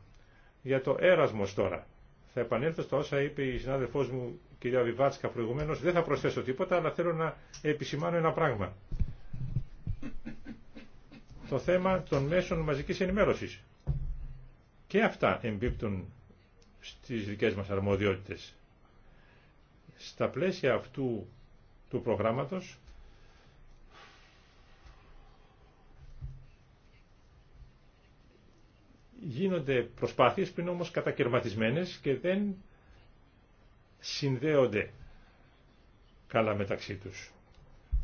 Για το έρασμος τώρα, θα επανέλθω στα όσα είπε η συνάδελφός μου κυρία Βιβάτσκα προηγουμένως, δεν θα προσθέσω τίποτα, αλλά θέλω να επισημάνω ένα πράγμα. Το θέμα των μέσων μαζικής ενημέρωσης. Και αυτά εμπίπτουν στις δικές μας αρμοδιότητες. Στα πλαίσια αυτού του προγράμματος. Γίνονται προσπάθειες που είναι όμως κατακαιρματισμένες και δεν συνδέονται καλά μεταξύ τους.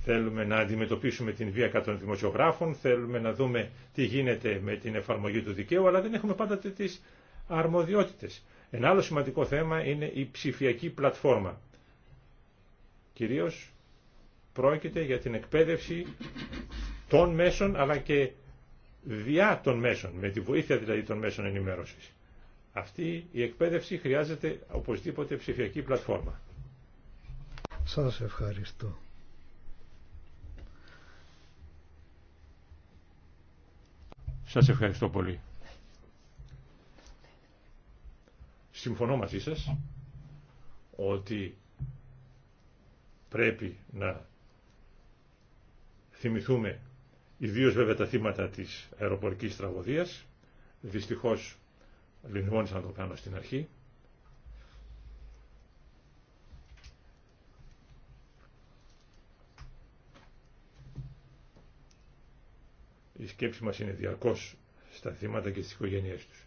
Θέλουμε να αντιμετωπίσουμε την βία κατά των δημοσιογράφων, θέλουμε να δούμε τι γίνεται με την εφαρμογή του δικαίου, αλλά δεν έχουμε πάντα τις αρμοδιότητες. Ένα άλλο σημαντικό θέμα είναι η ψηφιακή πλατφόρμα. Κυρίω πρόκειται για την εκπαίδευση των μέσων αλλά και διά των μέσων, με τη βοήθεια δηλαδή των μέσων ενημέρωσης. Αυτή η εκπαίδευση χρειάζεται οπωσδήποτε ψηφιακή πλατφόρμα. Σας ευχαριστώ. Σας ευχαριστώ πολύ. Συμφωνώ μαζί σας ότι πρέπει να θυμηθούμε ιδίω βέβαια τα θύματα της Αεροπορική τραγωδίας. Δυστυχώ λινθμόνησα να το κάνω στην αρχή. Η σκέψη μας είναι διαρκώς στα θύματα και στις οικογένειές τους.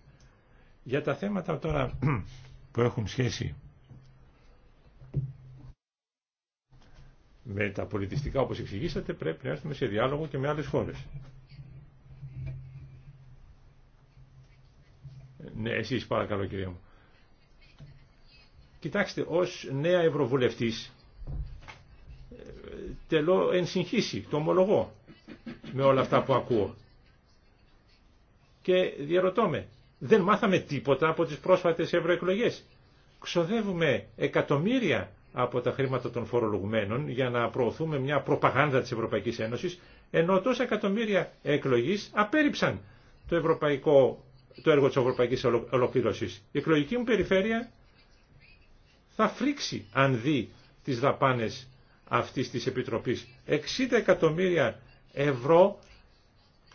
Για τα θέματα τώρα <clears throat> που έχουν σχέση με τα πολιτιστικά όπως εξηγήσατε πρέπει να έρθουμε σε διάλογο και με άλλες χώρες. Ναι, εσείς παρακαλώ κυρία μου. Κοιτάξτε, ως νέα ευρωβουλευτής ε, τελώ εν συγχύση, το ομολογώ με όλα αυτά που ακούω. Και διαρωτώ με, δεν μάθαμε τίποτα από τις πρόσφατες ευρωεκλογές. Ξοδεύουμε εκατομμύρια από τα χρήματα των φορολογουμένων για να προωθούμε μια προπαγάνδα της Ευρωπαϊκής Ένωσης, ενώ τόσα εκατομμύρια εκλογής απέρριψαν το, ευρωπαϊκό, το έργο της Ευρωπαϊκής Ολοκλήρωσης. Η εκλογική μου περιφέρεια θα φρίξει αν δει τις δαπάνες αυτής της Επιτροπής. 60 εκατομμύρια ευρώ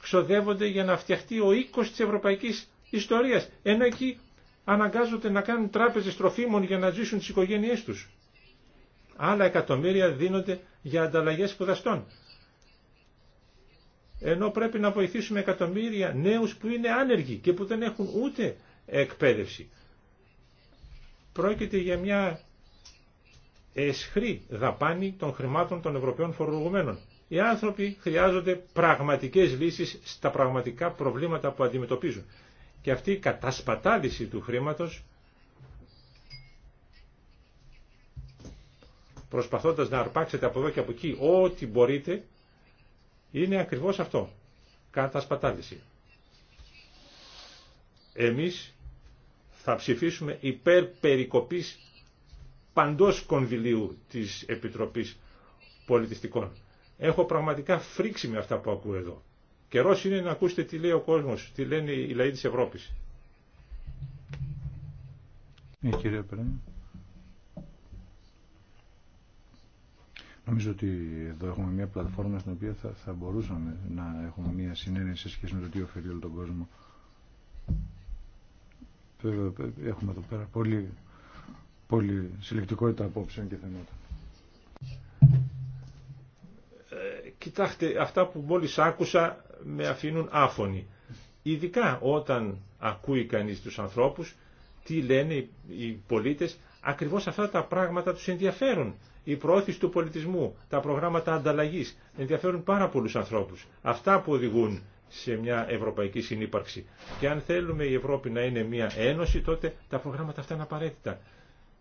ξοδεύονται για να φτιαχτεί ο οίκος της Ευρωπαϊκής Ιστορίας, ενώ εκεί αναγκάζονται να κάνουν τράπεζες τροφίμων για να ζήσουν τις οικογένειές τους άλλα εκατομμύρια δίνονται για ανταλλαγέ σπουδαστών. Ενώ πρέπει να βοηθήσουμε εκατομμύρια νέους που είναι άνεργοι και που δεν έχουν ούτε εκπαίδευση. Πρόκειται για μια εσχρή δαπάνη των χρημάτων των Ευρωπαίων φορολογουμένων. Οι άνθρωποι χρειάζονται πραγματικές λύσεις στα πραγματικά προβλήματα που αντιμετωπίζουν. Και αυτή η κατασπατάληση του χρήματος προσπαθώντας να αρπάξετε από εδώ και από εκεί ό,τι μπορείτε, είναι ακριβώς αυτό. Κατασπατάληση. Εμείς θα ψηφίσουμε υπέρ περικοπής παντός κονδυλίου της Επιτροπής Πολιτιστικών. Έχω πραγματικά φρίξει με αυτά που ακούω εδώ. Καιρός είναι να ακούσετε τι λέει ο κόσμος, τι λένε οι λαοί της Ευρώπης. Ναι, κύριε Νομίζω ότι εδώ έχουμε μια πλατφόρμα στην οποία θα, θα μπορούσαμε να έχουμε μια συνένεση σε σχέση με το τι ωφελεί όλο τον κόσμο. Έχουμε εδώ πέρα πολύ, πολύ συλλεκτικότητα απόψεων και θεμάτων. κοιτάξτε, αυτά που μόλις άκουσα με αφήνουν άφωνοι. Ειδικά όταν ακούει κανείς τους ανθρώπους τι λένε οι πολίτες ακριβώς αυτά τα πράγματα τους ενδιαφέρουν. Η προώθηση του πολιτισμού, τα προγράμματα ανταλλαγής ενδιαφέρουν πάρα πολλούς ανθρώπους. Αυτά που οδηγούν σε μια ευρωπαϊκή συνύπαρξη. Και αν θέλουμε η Ευρώπη να είναι μια ένωση, τότε τα προγράμματα αυτά είναι απαραίτητα.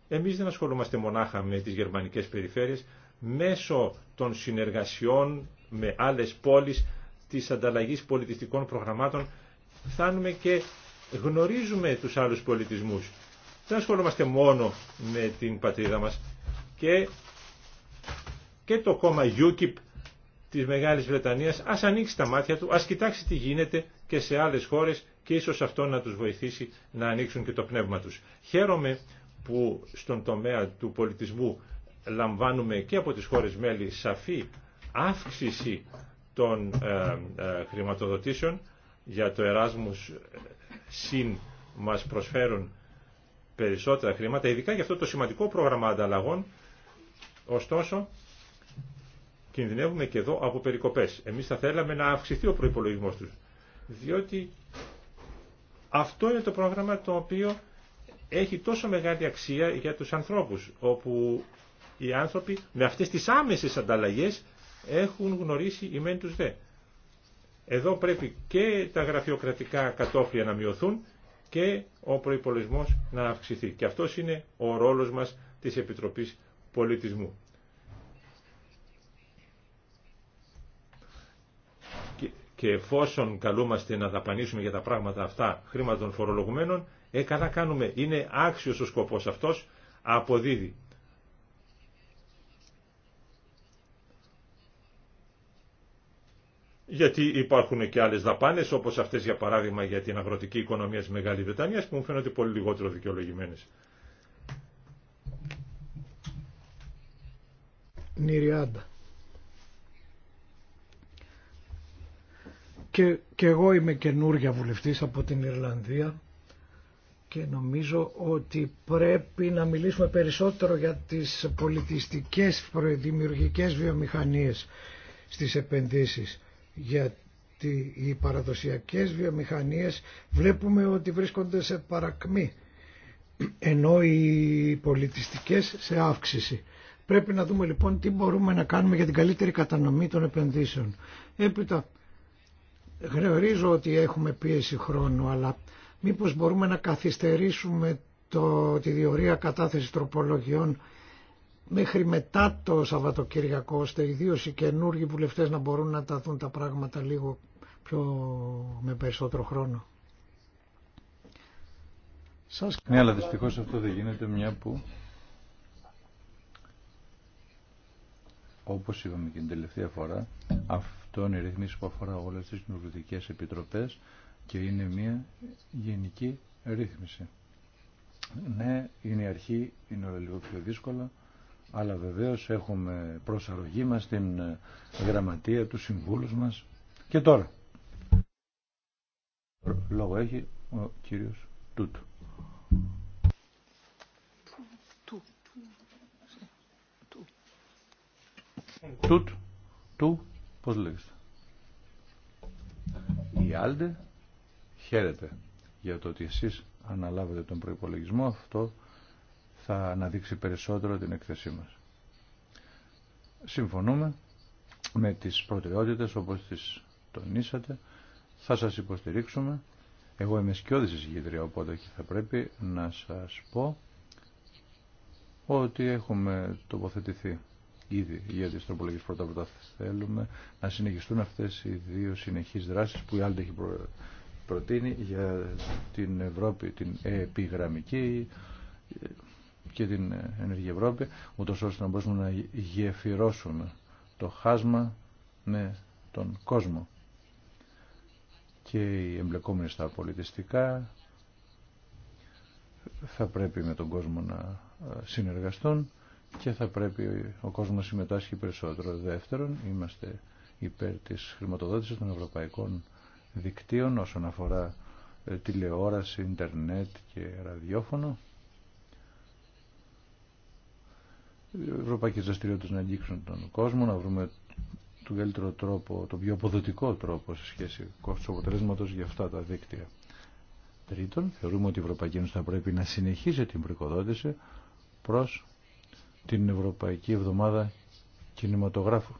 Εμείς δεν ασχολούμαστε μονάχα με τις γερμανικές περιφέρειες, μέσω των συνεργασιών με άλλες πόλεις, της ανταλλαγής πολιτιστικών προγραμμάτων, φτάνουμε και γνωρίζουμε τους άλλους πολιτισμούς δεν ασχολούμαστε μόνο με την πατρίδα μας και, και το κόμμα UKIP της Μεγάλης Βρετανίας ας ανοίξει τα μάτια του, ας κοιτάξει τι γίνεται και σε άλλες χώρες και ίσως αυτό να τους βοηθήσει να ανοίξουν και το πνεύμα τους. Χαίρομαι που στον τομέα του πολιτισμού λαμβάνουμε και από τις χώρες μέλη σαφή αύξηση των ε, ε, χρηματοδοτήσεων για το Εράσμους συν μας προσφέρουν περισσότερα χρήματα, ειδικά για αυτό το σημαντικό πρόγραμμα ανταλλαγών. Ωστόσο, κινδυνεύουμε και εδώ από περικοπέ. Εμείς θα θέλαμε να αυξηθεί ο προϋπολογισμός τους, διότι αυτό είναι το πρόγραμμα το οποίο έχει τόσο μεγάλη αξία για τους ανθρώπους, όπου οι άνθρωποι με αυτές τις άμεσες ανταλλαγές έχουν γνωρίσει η μεν τους δε. Εδώ πρέπει και τα γραφειοκρατικά κατόφλια να μειωθούν και ο προϋπολογισμός να αυξηθεί. Και αυτός είναι ο ρόλος μας της Επιτροπής Πολιτισμού. Και εφόσον καλούμαστε να δαπανίσουμε για τα πράγματα αυτά χρήματα των φορολογουμένων, ε, κάνουμε. Είναι άξιος ο σκοπός αυτός, αποδίδει γιατί υπάρχουν και άλλες δαπάνες όπως αυτές για παράδειγμα για την αγροτική οικονομία της Μεγάλης Βρετανίας που μου φαίνονται πολύ λιγότερο δικαιολογημένες. Νηριάντα. Και, εγώ είμαι καινούργια βουλευτής από την Ιρλανδία και νομίζω ότι πρέπει να μιλήσουμε περισσότερο για τις πολιτιστικές προεδημιουργικές βιομηχανίες στις επενδύσεις γιατί οι παραδοσιακές βιομηχανίες βλέπουμε ότι βρίσκονται σε παρακμή ενώ οι πολιτιστικές σε αύξηση. Πρέπει να δούμε λοιπόν τι μπορούμε να κάνουμε για την καλύτερη κατανομή των επενδύσεων. Έπειτα, γνωρίζω ότι έχουμε πίεση χρόνου, αλλά μήπως μπορούμε να καθυστερήσουμε το, τη διορία κατάθεση τροπολογιών μέχρι μετά το Σαββατοκύριακο, ώστε ιδίω οι καινούργοι βουλευτές να μπορούν να τα δουν τα πράγματα λίγο πιο με περισσότερο χρόνο. Σας... Ναι, αλλά δυστυχώς αυτό δεν γίνεται μια που όπως είπαμε και την τελευταία φορά αυτό είναι η ρυθμίση που αφορά όλες τις κοινοβουλευτικές επιτροπές και είναι μια γενική ρύθμιση. Ναι, είναι η αρχή, είναι λίγο πιο δύσκολα αλλά βεβαίως έχουμε προσαρρογή μας στην ε, γραμματεία του συμβούλου μας και τώρα λόγο έχει ο κύριος Τούτου Τούτ, του, πώς λέγεστε. Η Άλντε χαίρεται για το ότι εσείς αναλάβετε τον προϋπολογισμό αυτό θα αναδείξει περισσότερο την εκθεσή μας. Συμφωνούμε με τις προτεραιότητες όπως τις τονίσατε. Θα σας υποστηρίξουμε. Εγώ είμαι σκιώδης εισηγήτρια οπότε και θα πρέπει να σας πω ότι έχουμε τοποθετηθεί ήδη για τις τροπολογίες πρώτα πρώτα θέλουμε να συνεχιστούν αυτές οι δύο συνεχείς δράσεις που η άλλη έχει προτείνει για την Ευρώπη την επιγραμμική και την Ενεργή Ευρώπη, ούτω ώστε να μπορούμε να γεφυρώσουμε το χάσμα με τον κόσμο. Και οι εμπλεκόμενοι στα πολιτιστικά θα πρέπει με τον κόσμο να ε, συνεργαστούν και θα πρέπει ο κόσμος να συμμετάσχει περισσότερο. Δεύτερον, είμαστε υπέρ της χρηματοδότησης των ευρωπαϊκών δικτύων όσον αφορά ε, τηλεόραση, ίντερνετ και ραδιόφωνο ευρωπαϊκές δραστηριότητες να αγγίξουν τον κόσμο, να βρούμε τον καλύτερο τρόπο, τον πιο αποδοτικό τρόπο σε σχέση κόστος αποτελέσματο για αυτά τα δίκτυα. Τρίτον, θεωρούμε ότι η Ευρωπαϊκή Ένωση θα πρέπει να συνεχίσει την πρικοδότηση προς την Ευρωπαϊκή Εβδομάδα Κινηματογράφου.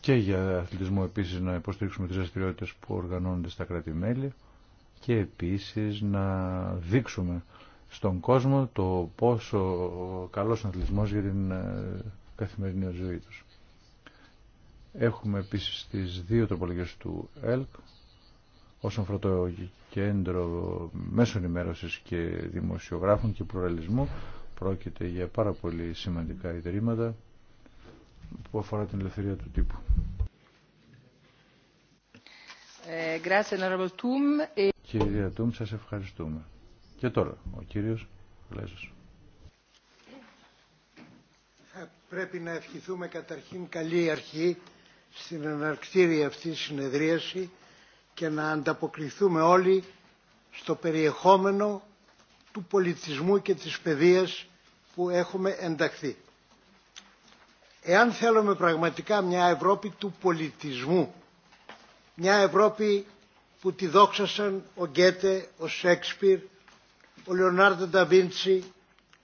Και για αθλητισμό επίσης να υποστηρίξουμε τις δραστηριότητε που οργανώνονται στα κράτη-μέλη και επίσης να δείξουμε στον κόσμο το πόσο καλός αθλητισμός για την ε, καθημερινή ζωή τους. Έχουμε επίσης τις δύο τροπολογίες του ΕΛΚ όσον αφορά το κέντρο μέσων ενημέρωση και δημοσιογράφων και πλουραλισμού πρόκειται για πάρα πολύ σημαντικά ιδρύματα που αφορά την ελευθερία του τύπου. Ε, Κυρία Τούμ, σας ευχαριστούμε. Και τώρα ο κύριος Λέζος. πρέπει να ευχηθούμε καταρχήν καλή αρχή στην αναρκτήρια αυτή συνεδρίαση και να ανταποκριθούμε όλοι στο περιεχόμενο του πολιτισμού και της παιδείας που έχουμε ενταχθεί. Εάν θέλουμε πραγματικά μια Ευρώπη του πολιτισμού, μια Ευρώπη που τη δόξασαν ο Γκέτε, ο Σέξπιρ, ο Λεωνάρδο Νταβίντσι,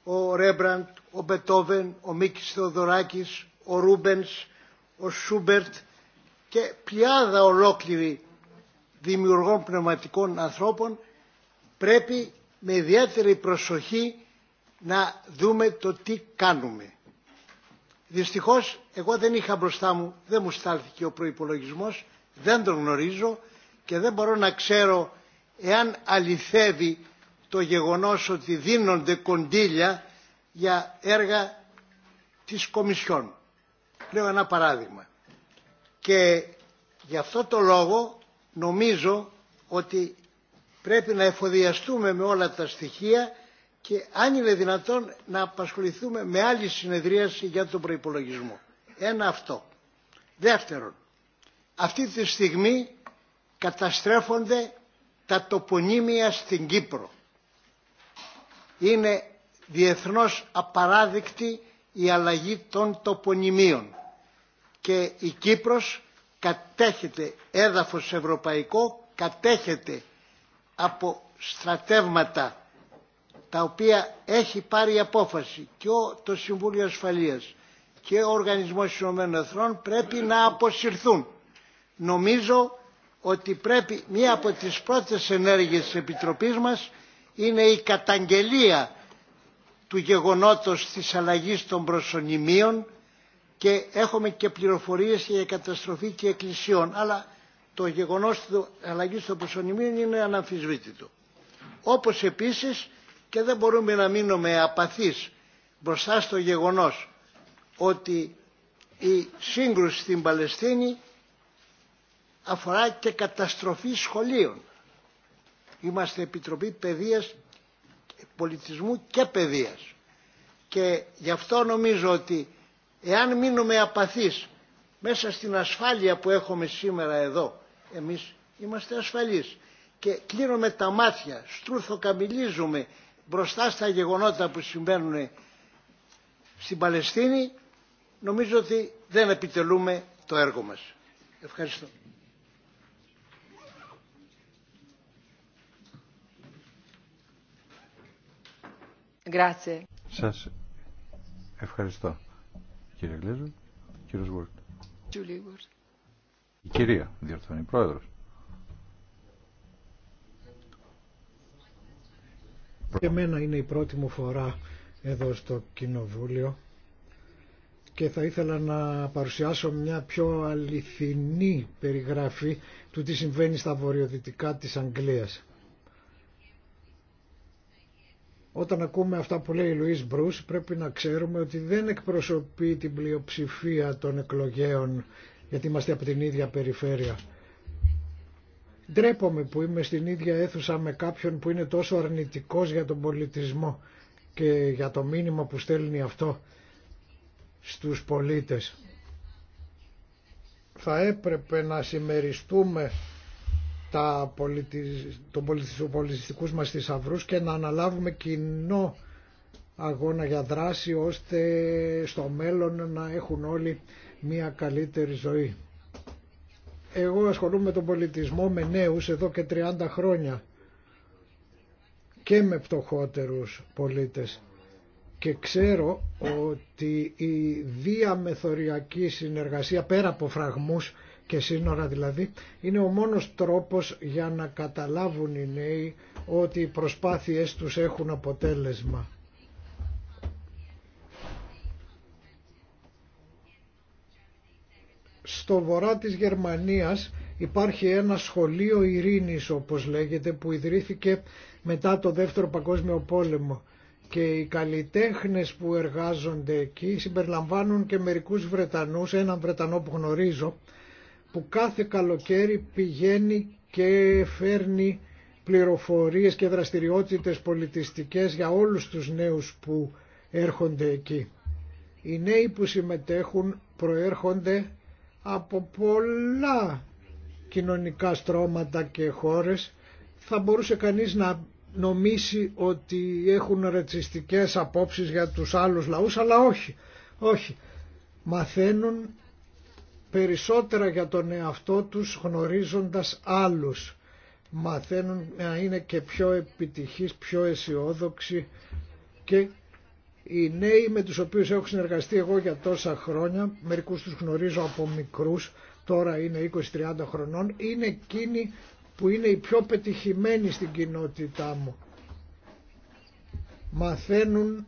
ο Ρέμπραντ, ο Μπετόβεν, ο Μίκης Θεοδωράκης, ο Ρούμπενς, ο Σούμπερτ και πιάδα ολόκληρη δημιουργών πνευματικών ανθρώπων πρέπει με ιδιαίτερη προσοχή να δούμε το τι κάνουμε. Δυστυχώς εγώ δεν είχα μπροστά μου, δεν μου στάλθηκε ο προϋπολογισμός, δεν τον γνωρίζω και δεν μπορώ να ξέρω εάν αληθεύει το γεγονός ότι δίνονται κοντήλια για έργα της Κομισιόν. Λέω ένα παράδειγμα. Και γι' αυτό το λόγο νομίζω ότι πρέπει να εφοδιαστούμε με όλα τα στοιχεία και αν είναι δυνατόν να απασχοληθούμε με άλλη συνεδρίαση για τον προϋπολογισμό. Ένα αυτό. Δεύτερον, αυτή τη στιγμή καταστρέφονται τα τοπονύμια στην Κύπρο είναι διεθνώς απαράδεκτη η αλλαγή των τοπονημίων. και η Κύπρος κατέχεται έδαφος ευρωπαϊκό, κατέχεται από στρατεύματα τα οποία έχει πάρει απόφαση και το Συμβούλιο Ασφαλείας και ο Οργανισμός Ηνωμένων Εθνών πρέπει να αποσυρθούν. Νομίζω ότι πρέπει μία από τις πρώτες ενέργειες της Επιτροπής μας είναι η καταγγελία του γεγονότος της αλλαγής των προσωνυμίων και έχουμε και πληροφορίες για καταστροφή και εκκλησιών. Αλλά το γεγονός της αλλαγής των προσωνυμίων είναι αναμφισβήτητο. Όπως επίσης και δεν μπορούμε να μείνουμε απαθείς μπροστά στο γεγονός ότι η σύγκρουση στην Παλαιστίνη αφορά και καταστροφή σχολείων. Είμαστε Επιτροπή Παιδείας, Πολιτισμού και Παιδείας. Και γι' αυτό νομίζω ότι εάν μείνουμε απαθείς μέσα στην ασφάλεια που έχουμε σήμερα εδώ, εμείς είμαστε ασφαλείς και κλείνουμε τα μάτια, στρούθοκαμιλίζουμε μπροστά στα γεγονότα που συμβαίνουν στην Παλαιστίνη, νομίζω ότι δεν επιτελούμε το έργο μας. Ευχαριστώ. Σας ευχαριστώ. Κύριε Γκλέζο, κύριος Γουόρτ. Η κυρία διορθώνει πρόεδρος. Για μένα είναι η πρώτη μου φορά εδώ στο Κοινοβούλιο και θα ήθελα να παρουσιάσω μια πιο αληθινή περιγραφή του τι συμβαίνει στα βορειοδυτικά της Αγγλίας. Όταν ακούμε αυτά που λέει η Λουίς Μπρούς πρέπει να ξέρουμε ότι δεν εκπροσωπεί την πλειοψηφία των εκλογέων γιατί είμαστε από την ίδια περιφέρεια. Ντρέπομαι που είμαι στην ίδια αίθουσα με κάποιον που είναι τόσο αρνητικός για τον πολιτισμό και για το μήνυμα που στέλνει αυτό στους πολίτες. Θα έπρεπε να συμμεριστούμε τα πολιτισ... τον πολιτιστικούς μας θησαυρού και να αναλάβουμε κοινό αγώνα για δράση ώστε στο μέλλον να έχουν όλοι μια καλύτερη ζωή. Εγώ ασχολούμαι με τον πολιτισμό με νέους εδώ και 30 χρόνια και με πτωχότερους πολίτες και ξέρω ότι η διαμεθοριακή συνεργασία πέρα από φραγμούς και σύνορα δηλαδή, είναι ο μόνος τρόπος για να καταλάβουν οι νέοι ότι οι προσπάθειές τους έχουν αποτέλεσμα. Στο βορρά της Γερμανίας υπάρχει ένα σχολείο ειρήνης όπως λέγεται που ιδρύθηκε μετά το δεύτερο παγκόσμιο πόλεμο και οι καλλιτέχνες που εργάζονται εκεί συμπεριλαμβάνουν και μερικούς Βρετανούς, έναν Βρετανό που γνωρίζω που κάθε καλοκαίρι πηγαίνει και φέρνει πληροφορίες και δραστηριότητες πολιτιστικές για όλους τους νέους που έρχονται εκεί. Οι νέοι που συμμετέχουν προέρχονται από πολλά κοινωνικά στρώματα και χώρες. Θα μπορούσε κανείς να νομίσει ότι έχουν ρετσιστικές απόψεις για τους άλλους λαούς, αλλά όχι. Όχι. Μαθαίνουν περισσότερα για τον εαυτό τους γνωρίζοντας άλλους. Μαθαίνουν να ε, είναι και πιο επιτυχείς, πιο αισιόδοξοι και οι νέοι με τους οποίους έχω συνεργαστεί εγώ για τόσα χρόνια, μερικούς τους γνωρίζω από μικρούς, τώρα είναι 20-30 χρονών, είναι εκείνοι που είναι οι πιο πετυχημένοι στην κοινότητά μου. Μαθαίνουν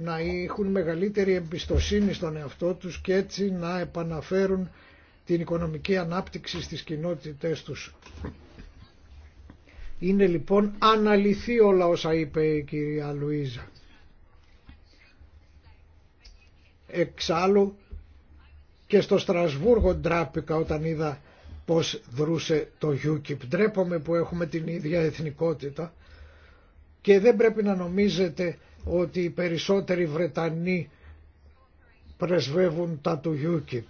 να έχουν μεγαλύτερη εμπιστοσύνη στον εαυτό τους και έτσι να επαναφέρουν την οικονομική ανάπτυξη στις κοινότητές τους. Είναι λοιπόν αναλυθεί όλα όσα είπε η κυρία Λουίζα. Εξάλλου και στο Στρασβούργο ντράπηκα όταν είδα πως δρούσε το UKIP. Ντρέπομαι που έχουμε την ίδια εθνικότητα και δεν πρέπει να νομίζετε ότι οι περισσότεροι Βρετανοί πρεσβεύουν τα του UKIP.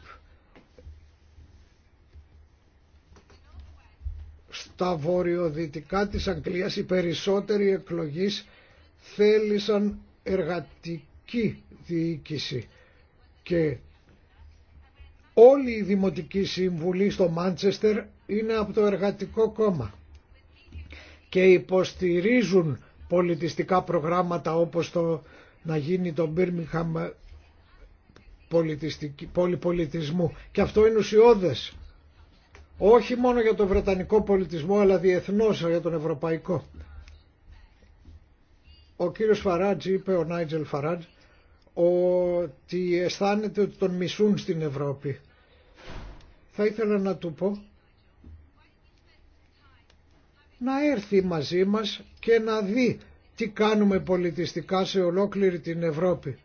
Στα βορειοδυτικά της Αγγλίας οι περισσότεροι εκλογείς θέλησαν εργατική διοίκηση και όλοι οι δημοτικοί σύμβουλοι στο Μάντσεστερ είναι από το εργατικό κόμμα και υποστηρίζουν πολιτιστικά προγράμματα όπως το να γίνει το Birmingham πόλη πολιτισμού. Και αυτό είναι ουσιώδες. Όχι μόνο για τον βρετανικό πολιτισμό αλλά διεθνώς για τον ευρωπαϊκό. Ο κύριος Φαράτζ είπε, ο Νάιτζελ Φαράτζ, ότι αισθάνεται ότι τον μισούν στην Ευρώπη. Θα ήθελα να του πω να έρθει μαζί μας και να δει τι κάνουμε πολιτιστικά σε ολόκληρη την Ευρώπη.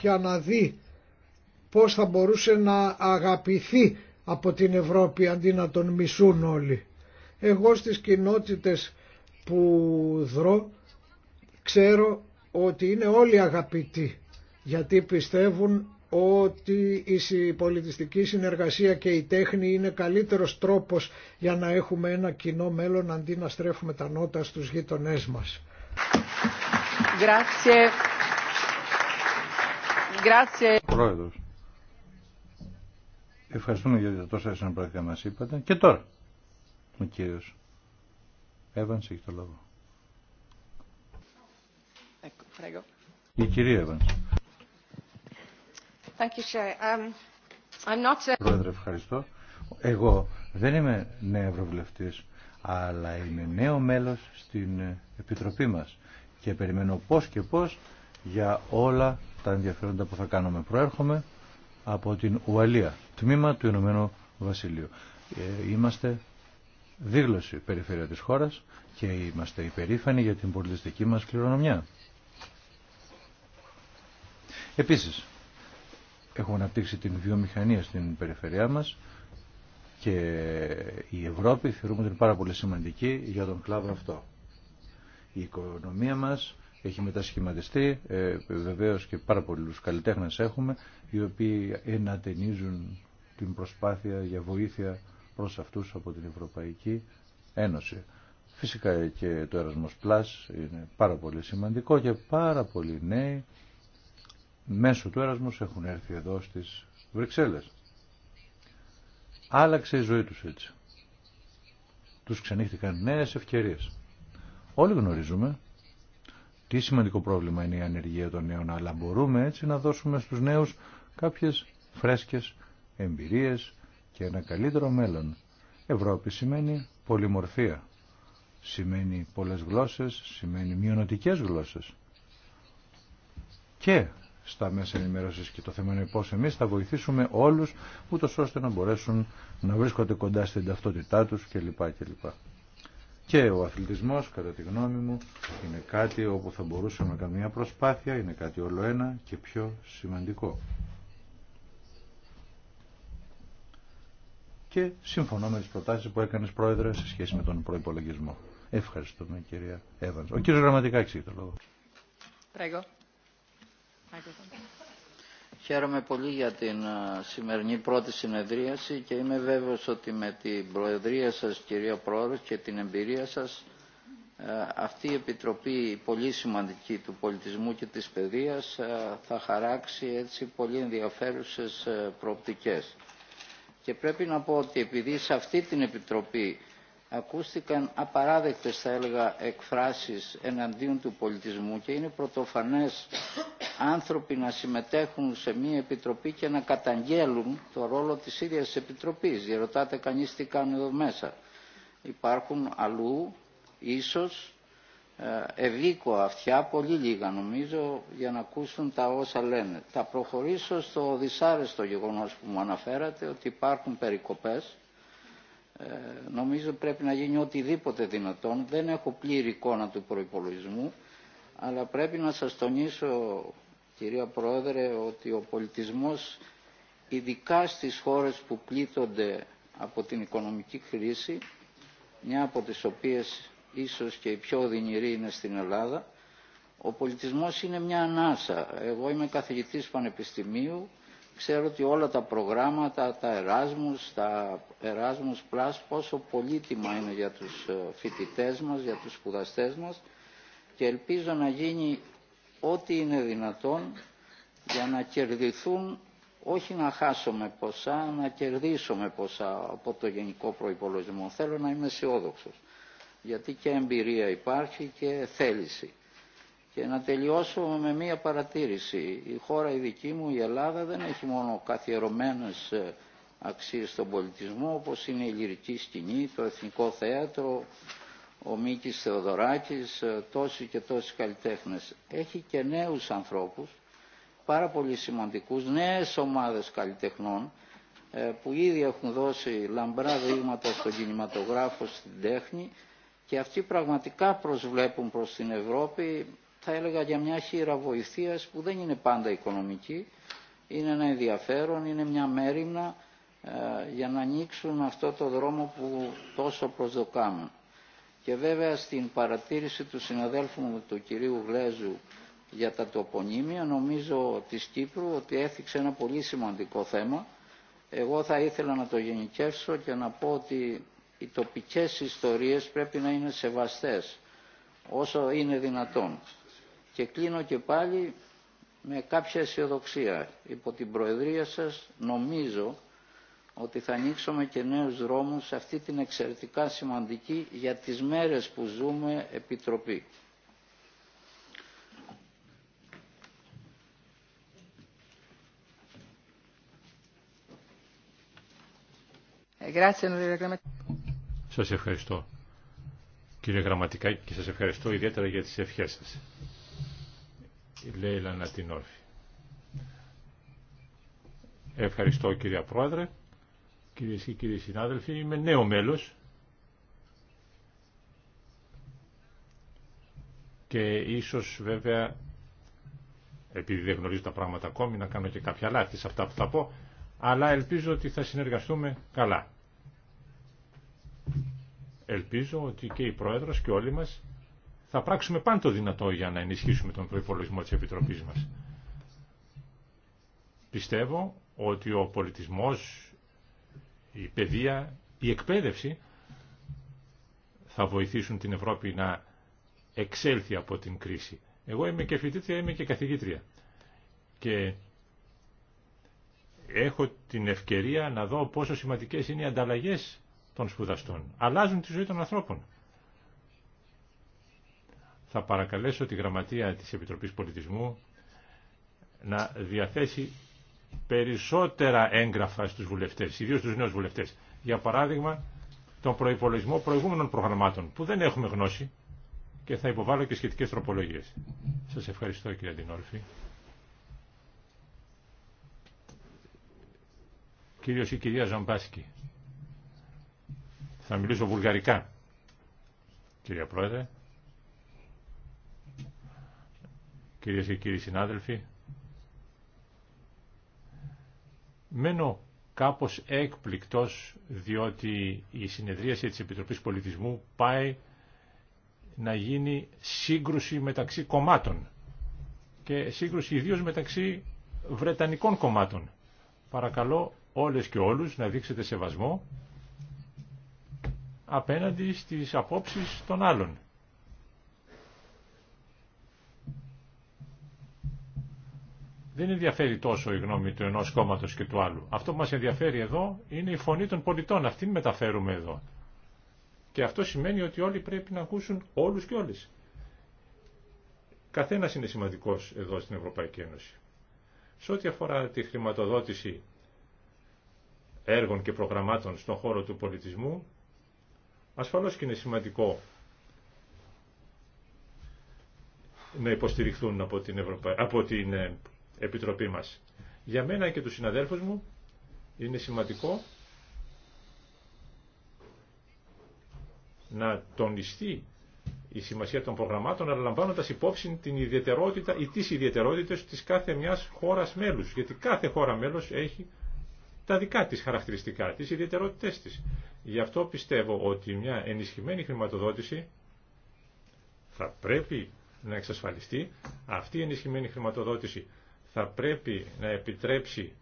Για να δει πώς θα μπορούσε να αγαπηθεί από την Ευρώπη αντί να τον μισούν όλοι. Εγώ στις κοινότητες που δρώ ξέρω ότι είναι όλοι αγαπητοί γιατί πιστεύουν ότι η πολιτιστική συνεργασία και η τέχνη είναι καλύτερος τρόπος για να έχουμε ένα κοινό μέλλον αντί να στρέφουμε τα νότα στους γείτονές μας. Πρόεδρος, ευχαριστούμε για τα τόσα συνεπρακτικά μας είπατε. Και τώρα, ο κύριος Εύανς έχει το λόγο. Η κυρία Εύανς. Um, Πρόεδρε, ευχαριστώ. Εγώ δεν είμαι νέο ευρωβουλευτή, αλλά είμαι νέο μέλος στην Επιτροπή μας και περιμένω πώς και πώς για όλα τα ενδιαφέροντα που θα κάνουμε. Προέρχομαι από την Ουαλία, τμήμα του Ηνωμένου Βασιλείου. Ε, είμαστε δίγλωση περιφέρεια της χώρας και είμαστε υπερήφανοι για την πολιτιστική μας κληρονομιά. Επίσης, έχουμε αναπτύξει την βιομηχανία στην περιφερειά μας και η Ευρώπη θεωρούμε ότι είναι πάρα πολύ σημαντική για τον κλάδο αυτό. Η οικονομία μας έχει μετασχηματιστεί, ε, βεβαίως και πάρα πολλούς καλλιτέχνες έχουμε, οι οποίοι ενατενίζουν την προσπάθεια για βοήθεια προς αυτούς από την Ευρωπαϊκή Ένωση. Φυσικά και το Erasmus Plus είναι πάρα πολύ σημαντικό και πάρα πολλοί νέοι μέσω του έρασμος έχουν έρθει εδώ στις Βρυξέλλες. Άλλαξε η ζωή τους έτσι. Τους ξενύχθηκαν νέες ευκαιρίες. Όλοι γνωρίζουμε τι σημαντικό πρόβλημα είναι η ανεργία των νέων, αλλά μπορούμε έτσι να δώσουμε στους νέους κάποιες φρέσκες εμπειρίες και ένα καλύτερο μέλλον. Ευρώπη σημαίνει πολυμορφία. Σημαίνει πολλές γλώσσες, σημαίνει μειονοτικές γλώσσες. Και στα μέσα ενημέρωση και το θέμα είναι πώς εμείς θα βοηθήσουμε όλους ούτω ώστε να μπορέσουν να βρίσκονται κοντά στην ταυτότητά τους κλπ. Και ο αθλητισμός, κατά τη γνώμη μου, είναι κάτι όπου θα μπορούσαμε να κάνουμε μια προσπάθεια, είναι κάτι όλο ένα και πιο σημαντικό. Και συμφωνώ με τις προτάσεις που έκανες, Πρόεδρε, σε σχέση με τον προϋπολογισμό. Ευχαριστούμε, κυρία Εύανς. Ο κύριος Γραμματικά έχει το λόγο. Χαίρομαι πολύ για την ε, σημερινή πρώτη συνεδρίαση και είμαι βέβαιος ότι με την Προεδρία σας, κυρία Πρόεδρος, και την εμπειρία σας ε, αυτή η Επιτροπή πολύ σημαντική του πολιτισμού και της παιδείας ε, θα χαράξει έτσι πολύ ενδιαφέρουσες προοπτικές. Και πρέπει να πω ότι επειδή σε αυτή την Επιτροπή ακούστηκαν απαράδεκτες θα έλεγα εκφράσεις εναντίον του πολιτισμού και είναι πρωτοφανές άνθρωποι να συμμετέχουν σε μια επιτροπή και να καταγγέλουν το ρόλο της ίδιας της επιτροπής. Διερωτάται κανείς τι κάνουν εδώ μέσα. Υπάρχουν αλλού ίσως ε, ευήκοα αυτιά, πολύ λίγα νομίζω, για να ακούσουν τα όσα λένε. Θα προχωρήσω στο δυσάρεστο γεγονός που μου αναφέρατε ότι υπάρχουν περικοπές ε, νομίζω πρέπει να γίνει οτιδήποτε δυνατόν. Δεν έχω πλήρη εικόνα του προϋπολογισμού, αλλά πρέπει να σας τονίσω, κυρία Πρόεδρε, ότι ο πολιτισμός, ειδικά στις χώρες που πλήττονται από την οικονομική κρίση, μια από τις οποίες ίσως και η πιο οδυνηρή είναι στην Ελλάδα, ο πολιτισμός είναι μια ανάσα. Εγώ είμαι καθηγητής πανεπιστημίου, Ξέρω ότι όλα τα προγράμματα, τα Erasmus, τα Erasmus Plus, πόσο πολύτιμα είναι για τους ε, φοιτητές μας, για τους σπουδαστές μας και ελπίζω να γίνει ό,τι είναι δυνατόν για να κερδιθούν, όχι να χάσουμε ποσά, να κερδίσουμε ποσά από το γενικό προϋπολογισμό. Θέλω να είμαι αισιόδοξο, γιατί και εμπειρία υπάρχει και θέληση. Και να τελειώσω με μία παρατήρηση. Η χώρα η δική μου, η Ελλάδα, δεν έχει μόνο καθιερωμένες ε, αξίες στον πολιτισμό, όπως είναι η λυρική σκηνή, το εθνικό θέατρο, ο Μίκης Θεοδωράκης, ε, τόσοι και τόσοι καλλιτέχνες. Έχει και νέους ανθρώπους, πάρα πολύ σημαντικούς, νέες ομάδες καλλιτεχνών, ε, που ήδη έχουν δώσει λαμπρά δείγματα στον κινηματογράφο, στην τέχνη και αυτοί πραγματικά προσβλέπουν προς την Ευρώπη θα έλεγα για μια χείρα βοηθείας που δεν είναι πάντα οικονομική, είναι ένα ενδιαφέρον, είναι μια μέρημνα ε, για να ανοίξουν αυτό το δρόμο που τόσο προσδοκάμε. Και βέβαια στην παρατήρηση του συναδέλφου μου του κυρίου Γλέζου για τα τοπονύμια νομίζω της Κύπρου ότι έθιξε ένα πολύ σημαντικό θέμα. Εγώ θα ήθελα να το γενικεύσω και να πω ότι οι τοπικές ιστορίες πρέπει να είναι σεβαστές όσο είναι δυνατόν και κλείνω και πάλι με κάποια αισιοδοξία. Υπό την Προεδρία σας νομίζω ότι θα ανοίξουμε και νέους δρόμους σε αυτή την εξαιρετικά σημαντική για τις μέρες που ζούμε επιτροπή. Ε, σας ευχαριστώ κύριε Γραμματικά και σας ευχαριστώ ιδιαίτερα για τις ευχές σας την Ευχαριστώ κύριε Πρόεδρε, κυρίε και κύριοι συνάδελφοι, είμαι νέο μέλος και ίσως βέβαια επειδή δεν γνωρίζω τα πράγματα ακόμη να κάνω και κάποια λάθη σε αυτά που θα πω αλλά ελπίζω ότι θα συνεργαστούμε καλά. Ελπίζω ότι και η Πρόεδρος και όλοι μας θα πράξουμε πάντο δυνατό για να ενισχύσουμε τον προϋπολογισμό της Επιτροπής μας. Πιστεύω ότι ο πολιτισμός, η παιδεία, η εκπαίδευση θα βοηθήσουν την Ευρώπη να εξέλθει από την κρίση. Εγώ είμαι και φοιτήτρια, είμαι και καθηγήτρια. Και έχω την ευκαιρία να δω πόσο σημαντικές είναι οι ανταλλαγές των σπουδαστών. Αλλάζουν τη ζωή των ανθρώπων θα παρακαλέσω τη Γραμματεία της Επιτροπής Πολιτισμού να διαθέσει περισσότερα έγγραφα στους βουλευτές, ιδίως στους νέους βουλευτές. Για παράδειγμα, τον προϋπολογισμό προηγούμενων προγραμμάτων, που δεν έχουμε γνώση και θα υποβάλω και σχετικές τροπολογίες. Σας ευχαριστώ κύριε Αντινόρφη. Κύριος ή κυρία Ζαμπάσκη. Θα μιλήσω βουλγαρικά, κύριε Πρόεδρε. κυρίες και κύριοι συνάδελφοι. Μένω κάπως έκπληκτος διότι η συνεδρίαση της Επιτροπής Πολιτισμού πάει να γίνει σύγκρουση μεταξύ κομμάτων και σύγκρουση ιδίως μεταξύ βρετανικών κομμάτων. Παρακαλώ όλες και όλους να δείξετε σεβασμό απέναντι στις απόψεις των άλλων. δεν ενδιαφέρει τόσο η γνώμη του ενός κόμματος και του άλλου. Αυτό που μας ενδιαφέρει εδώ είναι η φωνή των πολιτών. Αυτήν μεταφέρουμε εδώ. Και αυτό σημαίνει ότι όλοι πρέπει να ακούσουν όλους και όλες. Καθένας είναι σημαντικός εδώ στην Ευρωπαϊκή Ένωση. Σε ό,τι αφορά τη χρηματοδότηση έργων και προγραμμάτων στον χώρο του πολιτισμού, ασφαλώς και είναι σημαντικό να υποστηριχθούν από την, Ευρωπα... από την ε, Επιτροπή μας. Για μένα και του συναδέλφους μου είναι σημαντικό να τονιστεί η σημασία των προγραμμάτων, αλλά λαμβάνοντα υπόψη την ιδιαιτερότητα ή τι ιδιαιτερότητε τη κάθε μια χώρα μέλου. Γιατί κάθε χώρα μέλο έχει τα δικά τη χαρακτηριστικά, τι ιδιαιτερότητέ τη. Γι' αυτό πιστεύω ότι μια ενισχυμένη χρηματοδότηση θα πρέπει να εξασφαλιστεί. Αυτή η ενισχυμένη χρηματοδότηση θα πρέπει να επιτρέψει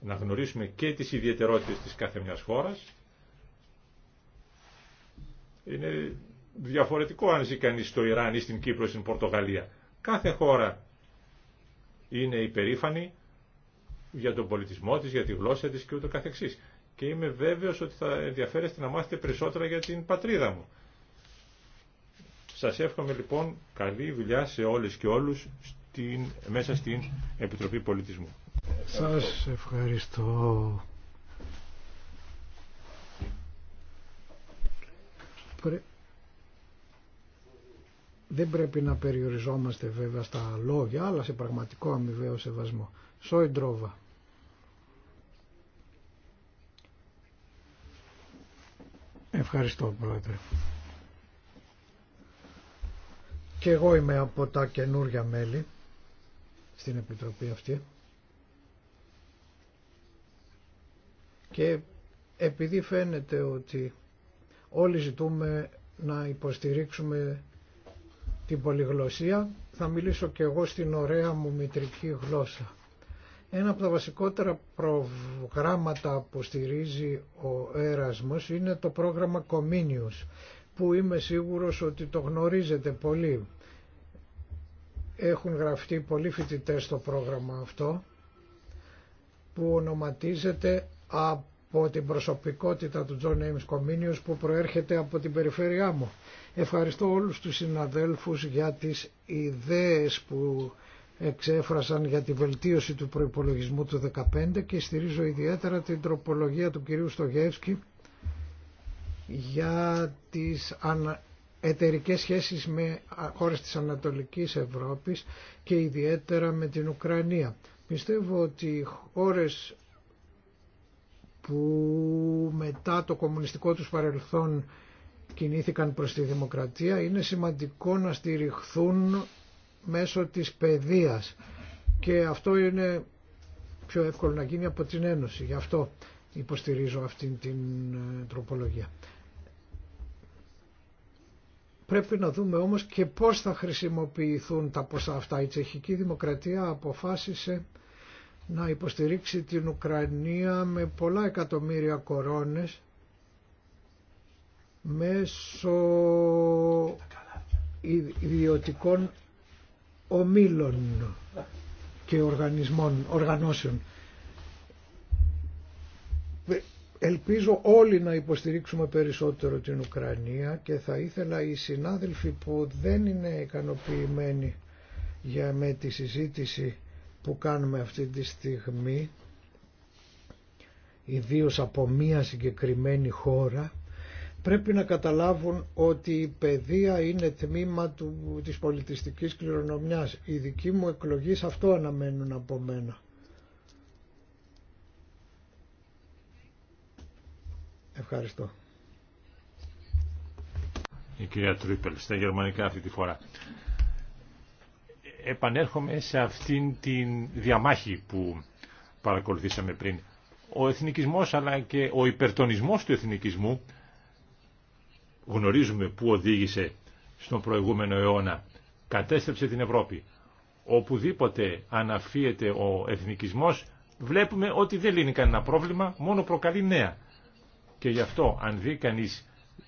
να γνωρίσουμε και τις ιδιαιτερότητες της κάθε μιας χώρας. Είναι διαφορετικό αν ζει κανείς στο Ιράν ή στην Κύπρο ή στην Πορτογαλία. Κάθε χώρα είναι υπερήφανη για τον πολιτισμό της, για τη γλώσσα της και ούτω καθεξής. Και είμαι βέβαιος ότι θα ενδιαφέρεστε να μάθετε περισσότερα για την πατρίδα μου. Σας εύχομαι λοιπόν καλή δουλειά σε όλες και όλους στην, μέσα στην Επιτροπή Πολιτισμού. Σας ευχαριστώ. Δεν πρέπει να περιοριζόμαστε βέβαια στα λόγια, αλλά σε πραγματικό αμοιβαίο σεβασμό. Σόιντρόβα. Ευχαριστώ, Πρόεδρε. Και εγώ είμαι από τα καινούρια μέλη στην Επιτροπή αυτή. Και επειδή φαίνεται ότι όλοι ζητούμε να υποστηρίξουμε την πολυγλωσία, θα μιλήσω και εγώ στην ωραία μου μητρική γλώσσα. Ένα από τα βασικότερα προγράμματα που στηρίζει ο Έρασμος είναι το πρόγραμμα Comenius, που είμαι σίγουρος ότι το γνωρίζετε πολύ. Έχουν γραφτεί πολλοί φοιτητέ στο πρόγραμμα αυτό που ονοματίζεται από την προσωπικότητα του Τζον Έιμς Κομίνιος που προέρχεται από την περιφέρειά μου. Ευχαριστώ όλους τους συναδέλφους για τις ιδέες που εξέφρασαν για τη βελτίωση του προϋπολογισμού του 2015 και στηρίζω ιδιαίτερα την τροπολογία του κυρίου Στογεύσκη για τις εταιρικές σχέσεις με χώρες της Ανατολικής Ευρώπης και ιδιαίτερα με την Ουκρανία. Πιστεύω ότι οι χώρες που μετά το κομμουνιστικό τους παρελθόν κινήθηκαν προς τη δημοκρατία είναι σημαντικό να στηριχθούν μέσω της παιδείας και αυτό είναι πιο εύκολο να γίνει από την Ένωση. Γι' αυτό υποστηρίζω αυτήν την ε, τροπολογία. Πρέπει να δούμε όμως και πώς θα χρησιμοποιηθούν τα ποσά αυτά. Η τσεχική δημοκρατία αποφάσισε να υποστηρίξει την Ουκρανία με πολλά εκατομμύρια κορώνες μέσω ιδιωτικών ομίλων και οργανισμών, οργανώσεων. Ελπίζω όλοι να υποστηρίξουμε περισσότερο την Ουκρανία και θα ήθελα οι συνάδελφοι που δεν είναι ικανοποιημένοι για με τη συζήτηση που κάνουμε αυτή τη στιγμή ιδίως από μία συγκεκριμένη χώρα πρέπει να καταλάβουν ότι η παιδεία είναι τμήμα του, της πολιτιστικής κληρονομιάς. Η δική μου εκλογή αυτό αναμένουν από μένα. Ευχαριστώ. Η κυρία Τρίπελ, στα γερμανικά αυτή τη φορά. Επανέρχομαι σε αυτήν τη διαμάχη που παρακολουθήσαμε πριν. Ο εθνικισμός αλλά και ο υπερτονισμός του εθνικισμού γνωρίζουμε που οδήγησε στον προηγούμενο αιώνα. Κατέστρεψε την Ευρώπη. Οπουδήποτε αναφύεται ο εθνικισμός βλέπουμε ότι δεν λύνει κανένα πρόβλημα, μόνο προκαλεί νέα. Και γι' αυτό αν δει κανεί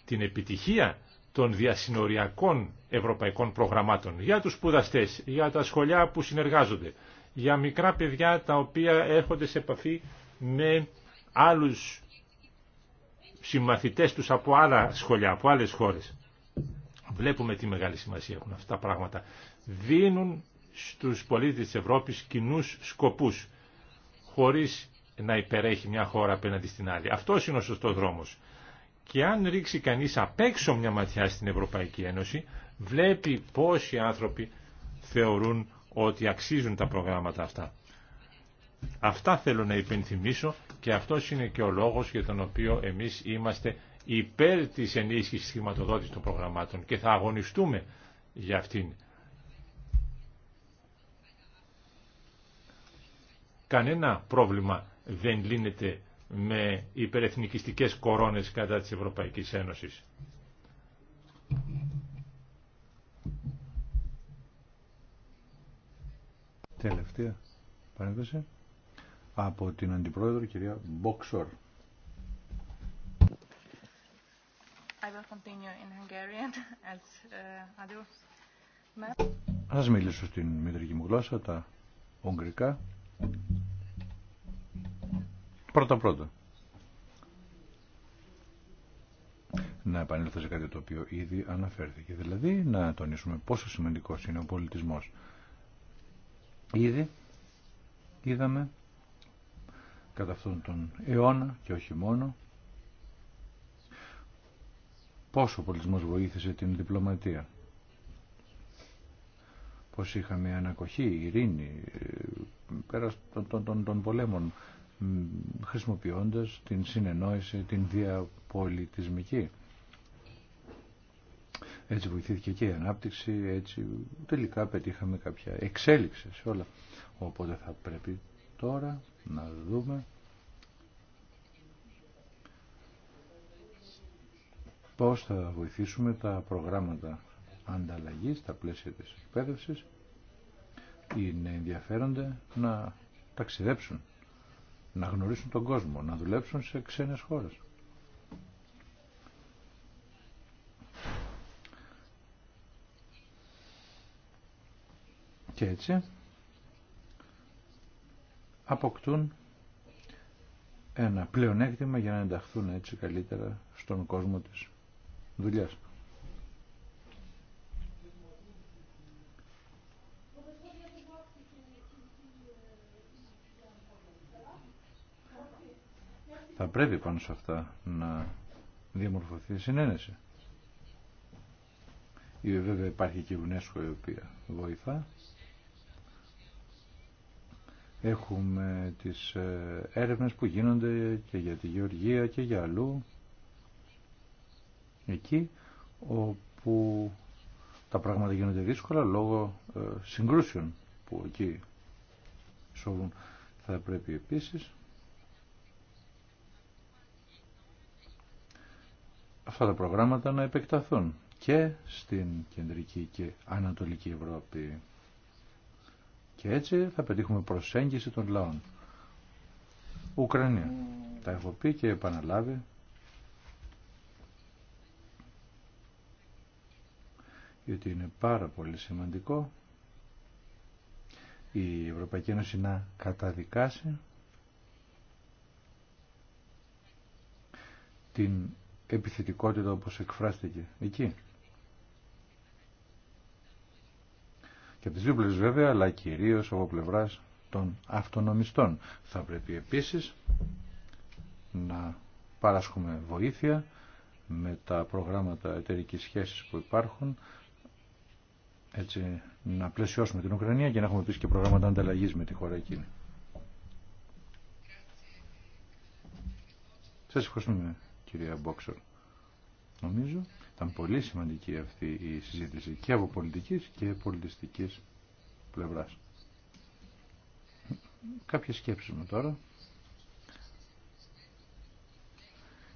την επιτυχία των διασυνοριακών ευρωπαϊκών προγραμμάτων για τους σπουδαστέ, για τα σχολιά που συνεργάζονται, για μικρά παιδιά τα οποία έρχονται σε επαφή με άλλους συμμαθητές τους από άλλα σχολιά, από άλλες χώρες. Βλέπουμε τι μεγάλη σημασία έχουν αυτά τα πράγματα. Δίνουν στους πολίτες της Ευρώπης κοινού σκοπούς, χωρίς να υπερέχει μια χώρα απέναντι στην άλλη. Αυτό είναι ο σωστό δρόμο. Και αν ρίξει κανείς απ' έξω μια ματιά στην Ευρωπαϊκή Ένωση, βλέπει πόσοι άνθρωποι θεωρούν ότι αξίζουν τα προγράμματα αυτά. Αυτά θέλω να υπενθυμίσω και αυτό είναι και ο λόγος για τον οποίο εμείς είμαστε υπέρ της ενίσχυσης χρηματοδότηση των προγραμμάτων και θα αγωνιστούμε για αυτήν. Κανένα πρόβλημα δεν λύνεται με υπερεθνικιστικές κορώνες κατά της Ευρωπαϊκής Ένωσης. Τελευταία παρέμβαση από την Αντιπρόεδρο κυρία Μπόξορ. I uh, Ας μιλήσω στην μητρική μου γλώσσα, τα Ουγγρικά. Πρώτα πρώτα. Να επανέλθω σε κάτι το οποίο ήδη αναφέρθηκε. Δηλαδή να τονίσουμε πόσο σημαντικός είναι ο πολιτισμός. Ήδη είδαμε κατά αυτόν τον αιώνα και όχι μόνο πόσο ο πολιτισμός βοήθησε την διπλωματία. Πώς είχαμε ανακοχή, ειρήνη, ε, πέρα των, των, των πολέμων χρησιμοποιώντας την συνεννόηση, την διαπολιτισμική. Έτσι βοηθήθηκε και η ανάπτυξη, έτσι τελικά πετύχαμε κάποια εξέλιξη σε όλα. Οπότε θα πρέπει τώρα να δούμε πώς θα βοηθήσουμε τα προγράμματα ανταλλαγής στα πλαίσια της εκπαίδευσης. Είναι ενδιαφέρονται να ταξιδέψουν να γνωρίσουν τον κόσμο, να δουλέψουν σε ξένες χώρες. Και έτσι αποκτούν ένα πλεονέκτημα για να ενταχθούν έτσι καλύτερα στον κόσμο της δουλειάς. Θα πρέπει πάνω σε αυτά να διαμορφωθεί συνένεση. Ή βέβαια υπάρχει και η UNESCO η οποία βοηθά. Έχουμε τις ε, έρευνες που γίνονται και για τη γεωργία και για αλλού. Εκεί όπου τα πράγματα γίνονται δύσκολα λόγω ε, συγκρούσεων που εκεί σώβουν. Θα πρέπει επίσης αυτά τα προγράμματα να επεκταθούν και στην κεντρική και ανατολική Ευρώπη. Και έτσι θα πετύχουμε προσέγγιση των λαών. Ουκρανία. Mm. Τα έχω πει και επαναλάβει. Γιατί είναι πάρα πολύ σημαντικό η Ευρωπαϊκή Ένωση να καταδικάσει την επιθετικότητα όπως εκφράστηκε εκεί. Και από τις δύο πλευρές βέβαια, αλλά κυρίως από πλευράς των αυτονομιστών. Θα πρέπει επίσης να παράσχουμε βοήθεια με τα προγράμματα εταιρικής σχέσης που υπάρχουν, έτσι να πλαισιώσουμε την Ουκρανία και να έχουμε επίσης και προγράμματα ανταλλαγής με τη χώρα εκείνη. Σας ευχαριστούμε κυρία Μπόξορ. Νομίζω ήταν πολύ σημαντική αυτή η συζήτηση και από πολιτικής και πολιτιστικής πλευράς. Κάποιες σκέψεις μου τώρα.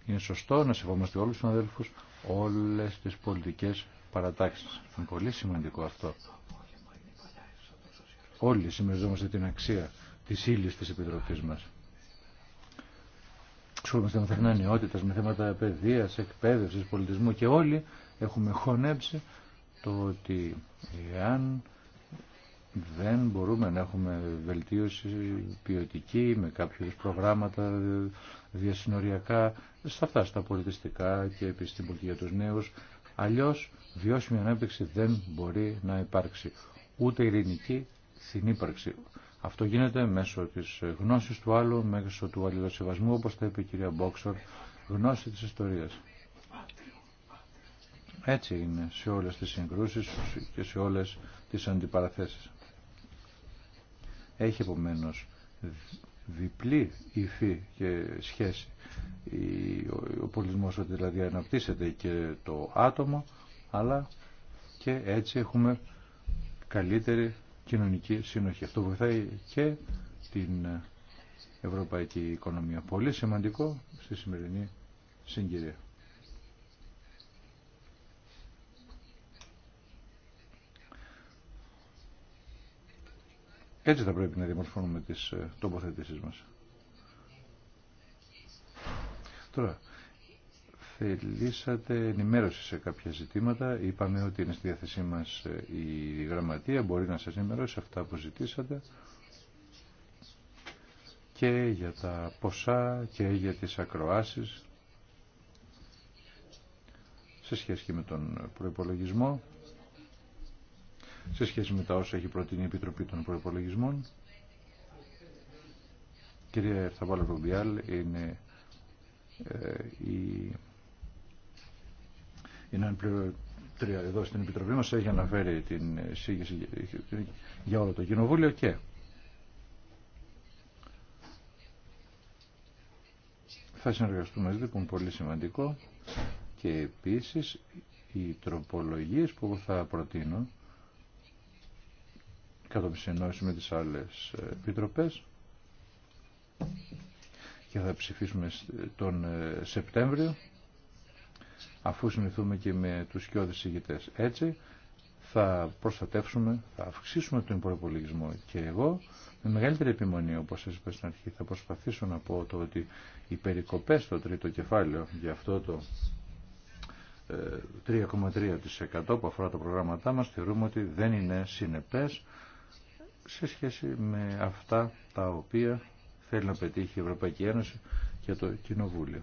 Είναι σωστό να σεβόμαστε όλους τους αδέλφους όλες τις πολιτικές παρατάξεις. Είναι πολύ σημαντικό αυτό. Όλοι συμμεριζόμαστε την αξία της ύλη της επιτροπή μας. Ξέρουμε με θέματα νεότητας, με θέματα παιδείας, εκπαίδευσης, πολιτισμού και όλοι έχουμε χωνέψει το ότι εάν δεν μπορούμε να έχουμε βελτίωση ποιοτική με κάποιους προγράμματα διασυνοριακά σε αυτά στα πολιτιστικά και επιστημονική για τους νέους αλλιώς βιώσιμη ανάπτυξη δεν μπορεί να υπάρξει ούτε ειρηνική ύπαρξη. Αυτό γίνεται μέσω της γνώσης του άλλου, μέσω του αλληλοσεβασμού, όπως τα είπε η κυρία Μπόξορ, γνώση της ιστορίας. Έτσι είναι σε όλες τις συγκρούσεις και σε όλες τις αντιπαραθέσεις. Έχει επομένω διπλή υφή και σχέση ο πολιτισμός ότι δηλαδή αναπτύσσεται και το άτομο αλλά και έτσι έχουμε καλύτερη κοινωνική συνοχή. Αυτό βοηθάει και την ευρωπαϊκή οικονομία. Πολύ σημαντικό στη σημερινή συγκυρία. Έτσι θα πρέπει να διαμορφώνουμε τις τοποθετήσεις μας. Τώρα, θελήσατε ενημέρωση σε κάποια ζητήματα. Είπαμε ότι είναι στη διάθεσή μας ε, η γραμματεία, μπορεί να σας ενημερώσει αυτά που ζητήσατε και για τα ποσά και για τις ακροάσεις σε σχέση με τον προϋπολογισμό, σε σχέση με τα όσα έχει προτείνει η Επιτροπή των Προϋπολογισμών. Κυρία Ερθαβάλα Ρουμπιάλ είναι ε, η είναι αν τρία εδώ στην Επιτροπή μας έχει αναφέρει την εισήγηση για όλο το Κοινοβούλιο και θα συνεργαστούμε μαζί που είναι πολύ σημαντικό και επίσης οι τροπολογίες που θα προτείνω κατά συνεννόηση με τις άλλες επιτροπές και θα ψηφίσουμε τον ε, Σεπτέμβριο αφού συνηθούμε και με τους σκιώδεις ηγητές. Έτσι θα προστατεύσουμε, θα αυξήσουμε τον προπολογισμό και εγώ με μεγαλύτερη επιμονή, όπως σας είπα στην αρχή, θα προσπαθήσω να πω το ότι οι περικοπές στο τρίτο κεφάλαιο για αυτό το 3,3% ε, που αφορά τα προγράμματά μας θεωρούμε ότι δεν είναι συνεπές σε σχέση με αυτά τα οποία θέλει να πετύχει η Ευρωπαϊκή Ένωση και το Κοινοβούλιο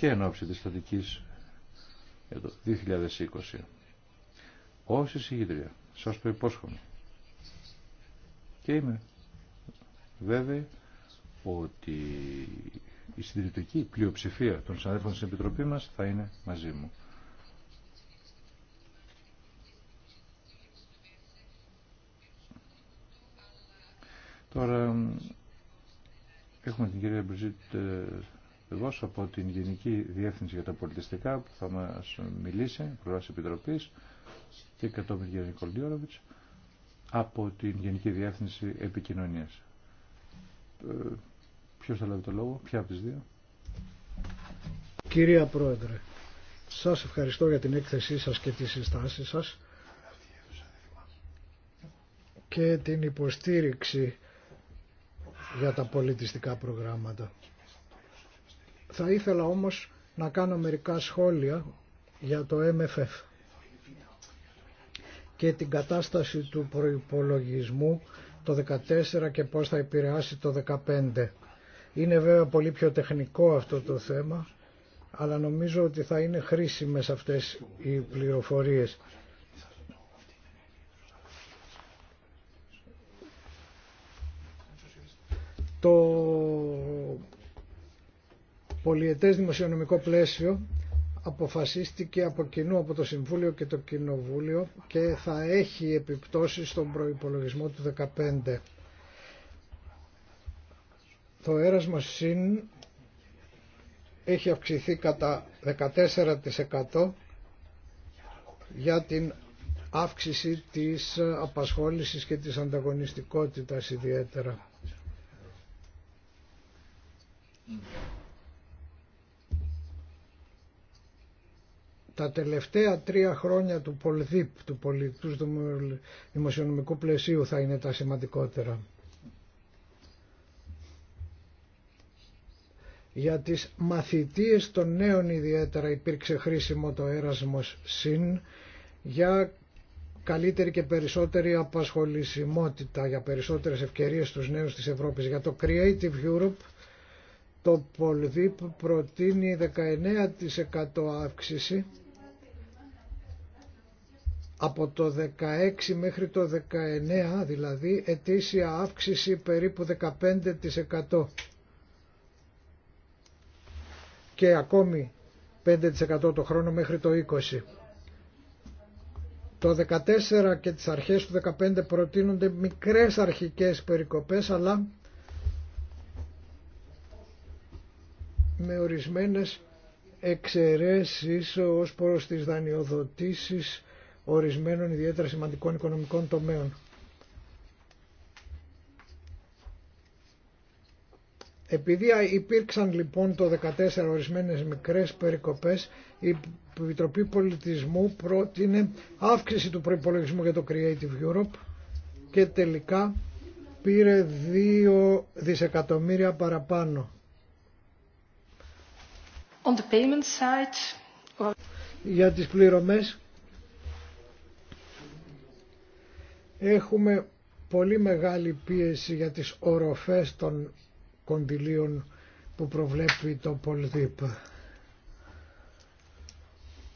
και εν ώψη της στατικής για το 2020. Όσοι εισηγήτρια, σας το υπόσχομαι. Και είμαι βέβαιη ότι η συντηρητική πλειοψηφία των συναδέλφων στην Επιτροπή μας θα είναι μαζί μου. Τώρα έχουμε την κυρία Μπριζίτ ε, εγώ από την Γενική Διεύθυνση για τα Πολιτιστικά που θα μας μιλήσει, Προεδράς Επιτροπή και κατόπιν Γιάννη από την Γενική Διεύθυνση Επικοινωνίας. Ε, ποιος θα λάβει το λόγο, ποια από τις δύο. Κυρία Πρόεδρε, σας ευχαριστώ για την έκθεσή σας και τις συστάσεις σας και την υποστήριξη για τα πολιτιστικά προγράμματα. Θα ήθελα όμως να κάνω μερικά σχόλια για το MFF και την κατάσταση του προϋπολογισμού το 14 και πώς θα επηρεάσει το 2015. Είναι βέβαια πολύ πιο τεχνικό αυτό το θέμα, αλλά νομίζω ότι θα είναι χρήσιμες αυτές οι πληροφορίες. πολιετές δημοσιονομικό πλαίσιο αποφασίστηκε από κοινού από το Συμβούλιο και το Κοινοβούλιο και θα έχει επιπτώσεις στον προϋπολογισμό του 2015. Το έρασμα ΣΥΝ έχει αυξηθεί κατά 14% για την αύξηση της απασχόλησης και της ανταγωνιστικότητας ιδιαίτερα. τα τελευταία τρία χρόνια του Πολδίπ, του πολιτικού δημοσιονομικού πλαισίου θα είναι τα σημαντικότερα. Για τις μαθητείες των νέων ιδιαίτερα υπήρξε χρήσιμο το έρασμος συν για καλύτερη και περισσότερη απασχολησιμότητα, για περισσότερες ευκαιρίες στους νέους της Ευρώπης. Για το Creative Europe το Πολδίπ προτείνει 19% αύξηση από το 16 μέχρι το 19 δηλαδή ετήσια αύξηση περίπου 15% και ακόμη 5% το χρόνο μέχρι το 20. Το 14 και τις αρχές του 15 προτείνονται μικρές αρχικές περικοπές αλλά με ορισμένες εξαιρέσεις ως προς τις δανειοδοτήσεις ορισμένων ιδιαίτερα σημαντικών οικονομικών τομέων. Επειδή υπήρξαν λοιπόν το 14 ορισμένες μικρές περικοπές, η Επιτροπή Πολιτισμού πρότεινε αύξηση του προϋπολογισμού για το Creative Europe και τελικά πήρε 2 δισεκατομμύρια παραπάνω. On Για τις πληρωμές έχουμε πολύ μεγάλη πίεση για τις οροφές των κοντιλίων που προβλέπει το Πολδίπ.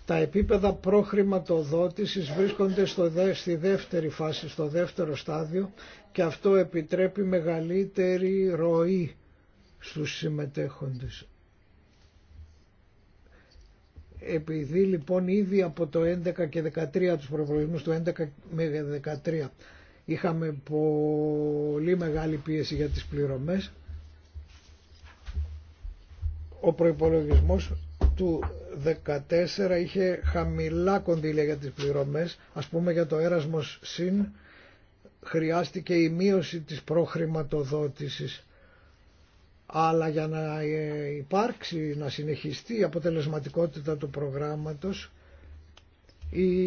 Τα επίπεδα προχρηματοδότησης βρίσκονται στο, στη δεύτερη φάση, στο δεύτερο στάδιο και αυτό επιτρέπει μεγαλύτερη ροή στους συμμετέχοντες. Επειδή λοιπόν ήδη από το 11 και 13, τους του 11 με 13, είχαμε πολύ μεγάλη πίεση για τις πληρωμές, ο προϋπολογισμός του 14 είχε χαμηλά κονδύλια για τις πληρωμές, ας πούμε για το έρασμος συν, χρειάστηκε η μείωση της προχρηματοδότησης αλλά για να ε, υπάρξει, να συνεχιστεί η αποτελεσματικότητα του προγράμματος οι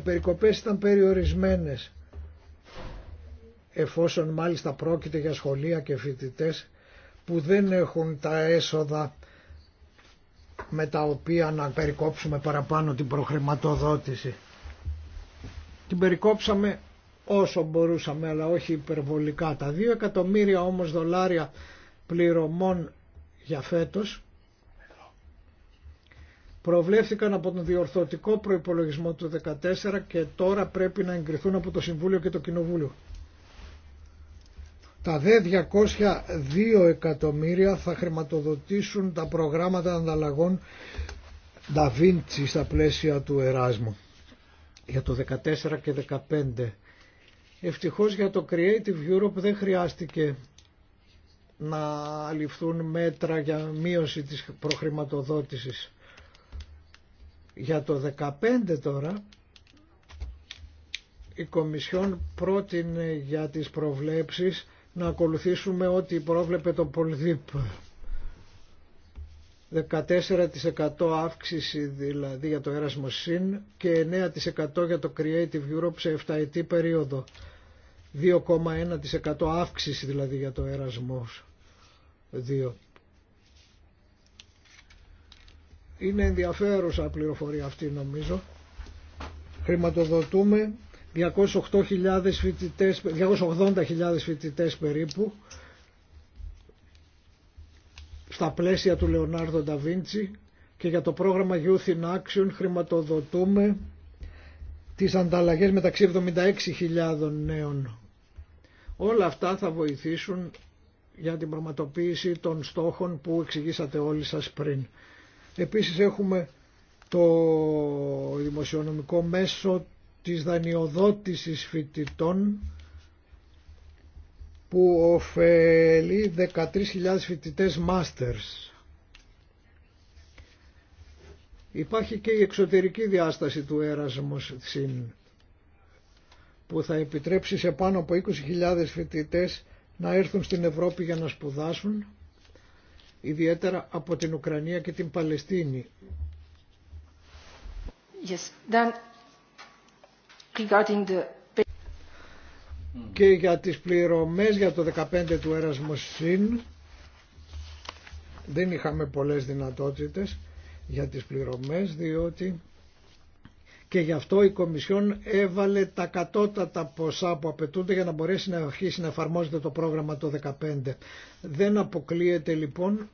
περικοπές ήταν περιορισμένες εφόσον μάλιστα πρόκειται για σχολεία και φοιτητές που δεν έχουν τα έσοδα με τα οποία να περικόψουμε παραπάνω την προχρηματοδότηση. Την περικόψαμε όσο μπορούσαμε αλλά όχι υπερβολικά. Τα 2 εκατομμύρια όμως δολάρια πληρωμών για φέτος προβλέφθηκαν από τον διορθωτικό προϋπολογισμό του 2014 και τώρα πρέπει να εγκριθούν από το Συμβούλιο και το Κοινοβούλιο. Τα δε 202 εκατομμύρια θα χρηματοδοτήσουν τα προγράμματα ανταλλαγών Da στα πλαίσια του Εράσμου για το 14 και 15. Ευτυχώς για το Creative Europe δεν χρειάστηκε να ληφθούν μέτρα για μείωση της προχρηματοδότησης. Για το 2015 τώρα η Κομισιόν πρότεινε για τις προβλέψεις να ακολουθήσουμε ό,τι πρόβλεπε το Πολδίπ. 14% αύξηση δηλαδή για το Erasmus Sin και 9% για το Creative Europe σε 7 ετή περίοδο. 2,1% αύξηση δηλαδή για το Erasmus. 2. Είναι ενδιαφέρουσα πληροφορία αυτή νομίζω. Χρηματοδοτούμε 208.000 φοιτητές, 280.000 φοιτητές περίπου στα πλαίσια του Λεωνάρδο Νταβίντσι και για το πρόγραμμα Youth in Action χρηματοδοτούμε τις ανταλλαγές μεταξύ 76.000 νέων. Όλα αυτά θα βοηθήσουν για την πραγματοποίηση των στόχων που εξηγήσατε όλοι σας πριν. Επίσης έχουμε το δημοσιονομικό μέσο της δανειοδότησης φοιτητών που ωφελεί 13.000 φοιτητές μάστερς. Υπάρχει και η εξωτερική διάσταση του έρασμος συν που θα επιτρέψει σε πάνω από 20.000 φοιτητές να έρθουν στην Ευρώπη για να σπουδάσουν, ιδιαίτερα από την Ουκρανία και την Παλαιστίνη. Yes. Then, regarding the... Και για τις πληρωμές για το 15 του Ερασμοσίν, δεν είχαμε πολλές δυνατότητες για τις πληρωμές διότι και γι' αυτό η Κομισιόν έβαλε τα κατώτατα ποσά που απαιτούνται για να μπορέσει να αρχίσει να εφαρμόζεται το πρόγραμμα το 2015. Δεν αποκλείεται λοιπόν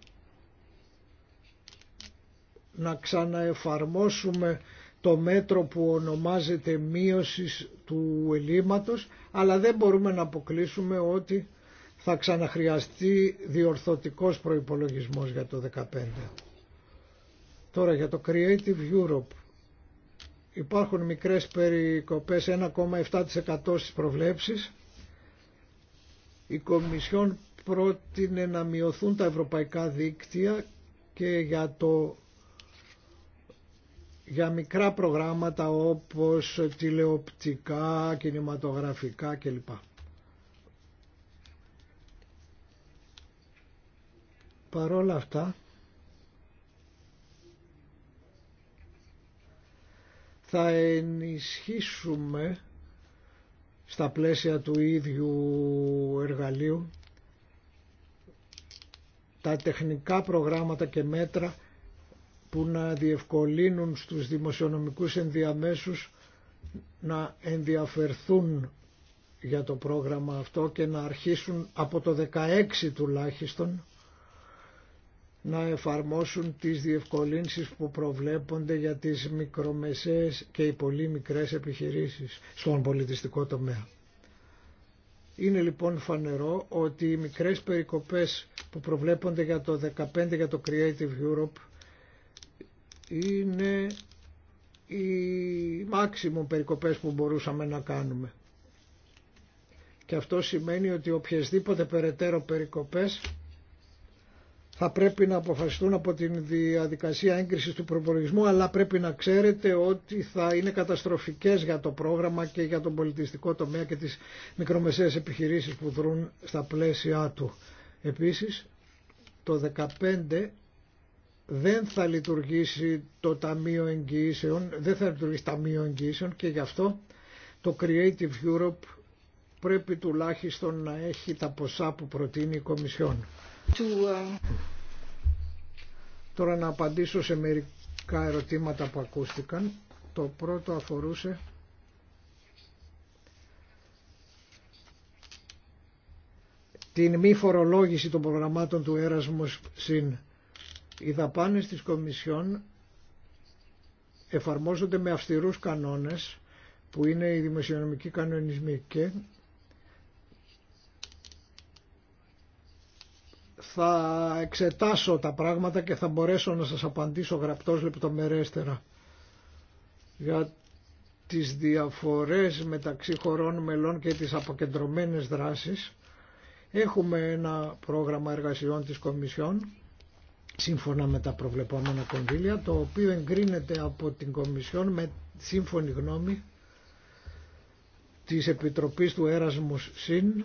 να ξαναεφαρμόσουμε το μέτρο που ονομάζεται μείωση του ελλείμματος, αλλά δεν μπορούμε να αποκλείσουμε ότι θα ξαναχρειαστεί διορθωτικός προϋπολογισμός για το 2015. Τώρα για το Creative Europe Υπάρχουν μικρές περικοπές 1,7% στις προβλέψεις. Η Κομισιόν πρότεινε να μειωθούν τα ευρωπαϊκά δίκτυα και για, το, για μικρά προγράμματα όπως τηλεοπτικά, κινηματογραφικά κλπ. Παρόλα αυτά, θα ενισχύσουμε στα πλαίσια του ίδιου εργαλείου τα τεχνικά προγράμματα και μέτρα που να διευκολύνουν στους δημοσιονομικούς ενδιαμέσους να ενδιαφερθούν για το πρόγραμμα αυτό και να αρχίσουν από το 16 τουλάχιστον να εφαρμόσουν τις διευκολύνσεις που προβλέπονται για τις μικρομεσαίες και οι πολύ μικρές επιχειρήσεις στον πολιτιστικό τομέα. Είναι λοιπόν φανερό ότι οι μικρές περικοπές που προβλέπονται για το 2015 για το Creative Europe είναι οι μάξιμου περικοπές που μπορούσαμε να κάνουμε. Και αυτό σημαίνει ότι οποιασδήποτε περαιτέρω περικοπές θα πρέπει να αποφασιστούν από την διαδικασία έγκρισης του προπολογισμού, αλλά πρέπει να ξέρετε ότι θα είναι καταστροφικές για το πρόγραμμα και για τον πολιτιστικό τομέα και τις μικρομεσαίες επιχειρήσεις που δρούν στα πλαίσια του. Επίσης, το 2015 δεν θα λειτουργήσει το Ταμείο Εγγυήσεων, δεν θα λειτουργήσει Ταμείο Εγγυήσεων και γι' αυτό το Creative Europe πρέπει τουλάχιστον να έχει τα ποσά που προτείνει η Κομισιόν. Uh, Τώρα να απαντήσω σε μερικά ερωτήματα που ακούστηκαν. Το πρώτο αφορούσε την μη φορολόγηση των προγραμμάτων του Έρασμος συν οι δαπάνες της Κομισιόν εφαρμόζονται με αυστηρούς κανόνες που είναι οι δημοσιονομικοί κανονισμοί και θα εξετάσω τα πράγματα και θα μπορέσω να σας απαντήσω γραπτός λεπτομερέστερα για τις διαφορές μεταξύ χωρών μελών και τις αποκεντρωμένες δράσεις. Έχουμε ένα πρόγραμμα εργασιών της Κομισιόν σύμφωνα με τα προβλεπόμενα κονδύλια το οποίο εγκρίνεται από την Κομισιόν με σύμφωνη γνώμη της Επιτροπής του Έρασμου ΣΥΝ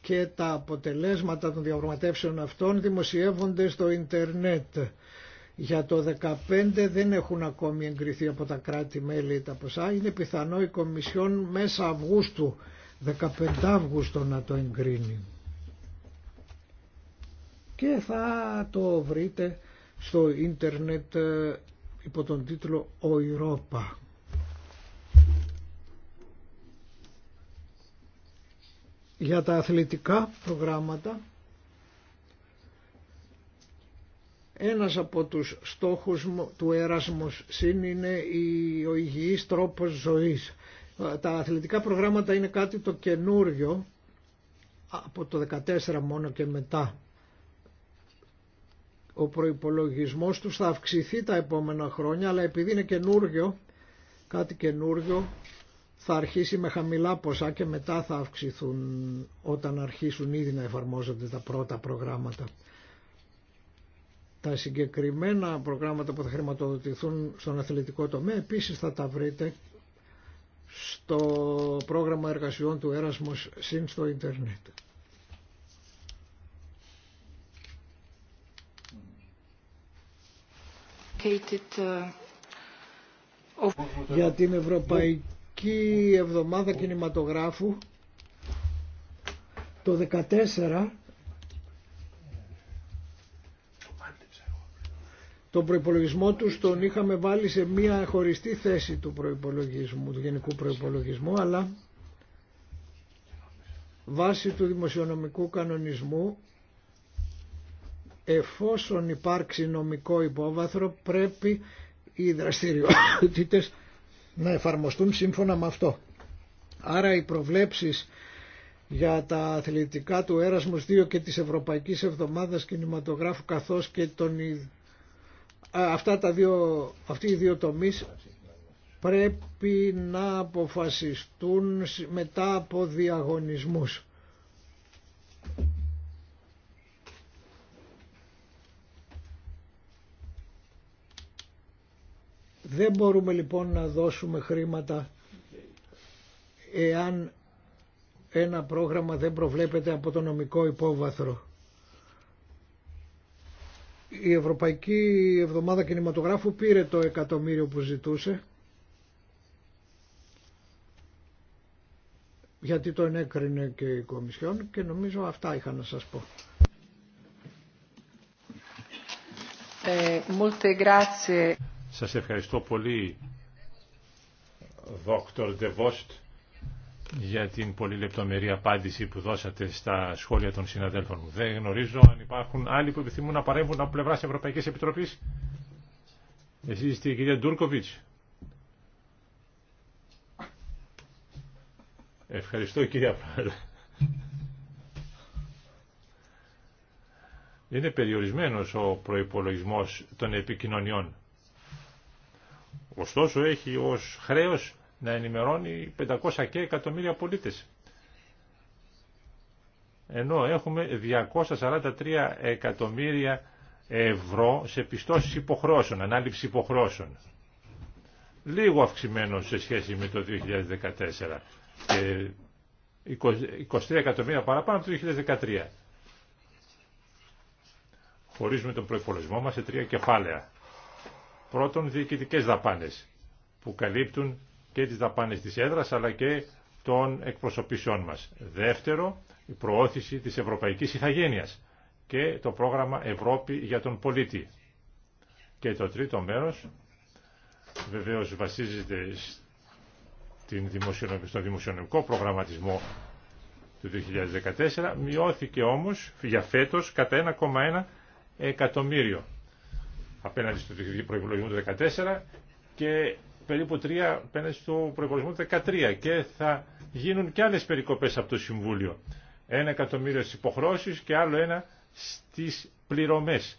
και τα αποτελέσματα των διαπραγματεύσεων αυτών δημοσιεύονται στο ίντερνετ. Για το 2015 δεν έχουν ακόμη εγκριθεί από τα κράτη-μέλη τα ποσά. Είναι πιθανό η Κομισιόν μέσα Αυγούστου, 15 Αυγούστου να το εγκρίνει. Και θα το βρείτε στο ίντερνετ ε, υπό τον τίτλο «Ο Ιρώπα. για τα αθλητικά προγράμματα ένας από τους στόχους του ΕΡΑΣΜΟΣ Συν είναι ο υγιής τρόπος ζωής. Τα αθλητικά προγράμματα είναι κάτι το καινούριο από το 14 μόνο και μετά. Ο προϋπολογισμός τους θα αυξηθεί τα επόμενα χρόνια αλλά επειδή είναι καινούριο, κάτι καινούριο θα αρχίσει με χαμηλά ποσά και μετά θα αυξηθούν όταν αρχίσουν ήδη να εφαρμόζονται τα πρώτα προγράμματα. Τα συγκεκριμένα προγράμματα που θα χρηματοδοτηθούν στον αθλητικό τομέα επίσης θα τα βρείτε στο πρόγραμμα εργασιών του Erasmus συν στο ίντερνετ. Uh, Για την Ευρωπαϊκή η Εβδομάδα Κινηματογράφου το 14 το προϋπολογισμό τους τον είχαμε βάλει σε μια χωριστή θέση του προϋπολογισμού, του γενικού προϋπολογισμού, αλλά βάσει του δημοσιονομικού κανονισμού εφόσον υπάρξει νομικό υπόβαθρο πρέπει οι δραστηριότητες να εφαρμοστούν σύμφωνα με αυτό. Άρα οι προβλέψεις για τα αθλητικά του Έρασμος 2 και της Ευρωπαϊκής Εβδομάδας Κινηματογράφου καθώς και τον... Αυτά τα δύο, αυτοί οι δύο τομείς πρέπει να αποφασιστούν μετά από διαγωνισμούς. Δεν μπορούμε λοιπόν να δώσουμε χρήματα εάν ένα πρόγραμμα δεν προβλέπεται από το νομικό υπόβαθρο. Η Ευρωπαϊκή Εβδομάδα Κινηματογράφου πήρε το εκατομμύριο που ζητούσε γιατί το ενέκρινε και η Κομισιόν και νομίζω αυτά είχα να σας πω. Ε, ε σας ευχαριστώ πολύ, Δόκτωρ Ντεβόστ, για την πολύ λεπτομερή απάντηση που δώσατε στα σχόλια των συναδέλφων μου. Δεν γνωρίζω αν υπάρχουν άλλοι που επιθυμούν να παρέμβουν από πλευρά Ευρωπαϊκή Επιτροπή. Εσεί είστε η κυρία Ντούρκοβιτ. Ευχαριστώ κυρία Πάρα. Είναι περιορισμένος ο προϋπολογισμός των επικοινωνιών. Ωστόσο έχει ως χρέος να ενημερώνει 500 και εκατομμύρια πολίτες. Ενώ έχουμε 243 εκατομμύρια ευρώ σε πιστώσεις υποχρώσεων, ανάληψη υποχρώσεων. Λίγο αυξημένο σε σχέση με το 2014 και 23 εκατομμύρια παραπάνω από το 2013. Χωρίζουμε τον προϋπολογισμό μας σε τρία κεφάλαια. Πρώτον, διοικητικές δαπάνες που καλύπτουν και τις δαπάνες της έδρας αλλά και των εκπροσωπήσεών μας. Δεύτερο, η προώθηση της Ευρωπαϊκής Ιθαγένειας και το πρόγραμμα Ευρώπη για τον πολίτη. Και το τρίτο μέρος βεβαίως βασίζεται στο δημοσιονομικό προγραμματισμό του 2014, μειώθηκε όμως για φέτος κατά 1,1 εκατομμύριο απέναντι στο προϋπολογισμό του 2014 και περίπου 3 απέναντι στο προϋπολογισμό του 2013 και θα γίνουν και άλλες περικοπές από το Συμβούλιο. Ένα εκατομμύριο στις υποχρώσεις και άλλο ένα στις πληρωμές.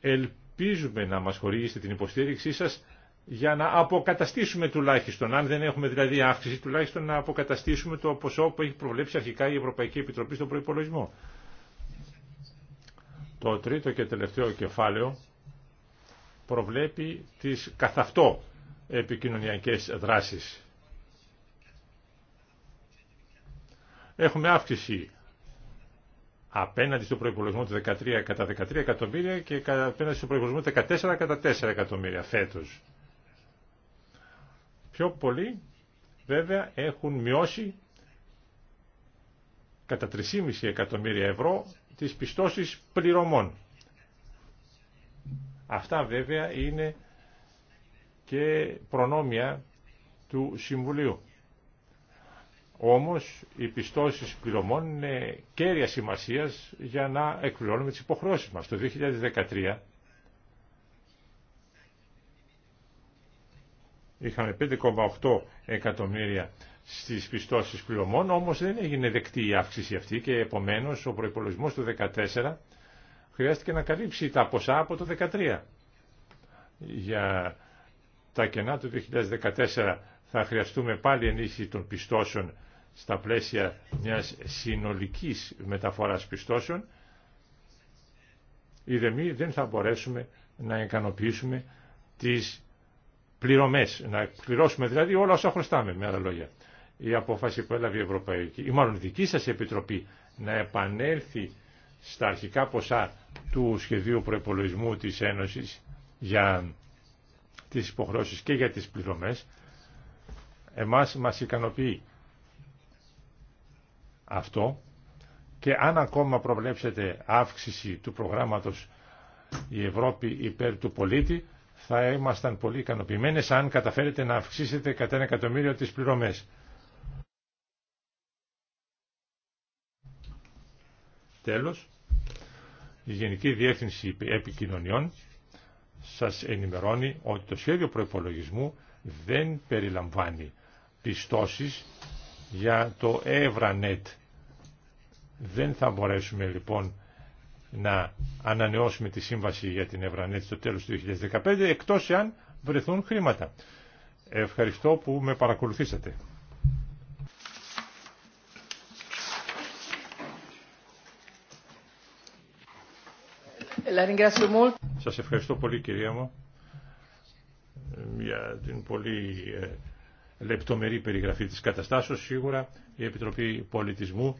Ελπίζουμε να μας χορηγήσετε την υποστήριξή σας για να αποκαταστήσουμε τουλάχιστον, αν δεν έχουμε δηλαδή αύξηση, τουλάχιστον να αποκαταστήσουμε το ποσό που έχει προβλέψει αρχικά η Ευρωπαϊκή Επιτροπή στον προπολογισμό. Το τρίτο και τελευταίο κεφάλαιο προβλέπει τις καθ' αυτό επικοινωνιακές δράσεις. Έχουμε αύξηση απέναντι στο προϋπολογισμό του 13 κατά 13 εκατομμύρια και απέναντι στο προϋπολογισμό του 14 κατά 4 εκατομμύρια φέτος. Πιο πολλοί βέβαια έχουν μειώσει κατά 3,5 εκατομμύρια ευρώ τις πιστώσεις πληρωμών. Αυτά βέβαια είναι και προνόμια του Συμβουλίου. Όμως οι πιστώσεις πληρωμών είναι κέρια σημασίας για να εκπληρώνουμε τις υποχρεώσεις μας. Το 2013 είχαμε 5,8 εκατομμύρια στις πιστώσεις πληρωμών, όμως δεν έγινε δεκτή η αύξηση αυτή και επομένως ο προϋπολογισμός του 2014 χρειάστηκε να καλύψει τα ποσά από το 2013. Για τα κενά του 2014 θα χρειαστούμε πάλι ενίσχυση των πιστώσεων στα πλαίσια μιας συνολικής μεταφοράς πιστώσεων. Ιδεμή δεν θα μπορέσουμε να ικανοποιήσουμε τις πληρωμές, να πληρώσουμε δηλαδή όλα όσα χρωστάμε με άλλα λόγια η απόφαση που έλαβε η Ευρωπαϊκή, ή μάλλον δική σας Επιτροπή, να επανέλθει στα αρχικά ποσά του σχεδίου προπολογισμού της Ένωσης για τις υποχρεώσεις και για τις πληρωμές, εμάς μας ικανοποιεί αυτό και αν ακόμα προβλέψετε αύξηση του προγράμματος η Ευρώπη υπέρ του πολίτη, θα ήμασταν πολύ ικανοποιημένες αν καταφέρετε να αυξήσετε κατά ένα εκατομμύριο τις πληρωμές. Τέλος, η Γενική Διεύθυνση Επικοινωνιών σας ενημερώνει ότι το σχέδιο προϋπολογισμού δεν περιλαμβάνει πιστώσεις για το Evranet. Δεν θα μπορέσουμε λοιπόν να ανανεώσουμε τη σύμβαση για την Ευρανέτ στο τέλος του 2015 εκτός εάν βρεθούν χρήματα. Ευχαριστώ που με παρακολουθήσατε. Σας ευχαριστώ πολύ κυρία μου για την πολύ ε, λεπτομερή περιγραφή της καταστάσεως. Σίγουρα η Επιτροπή Πολιτισμού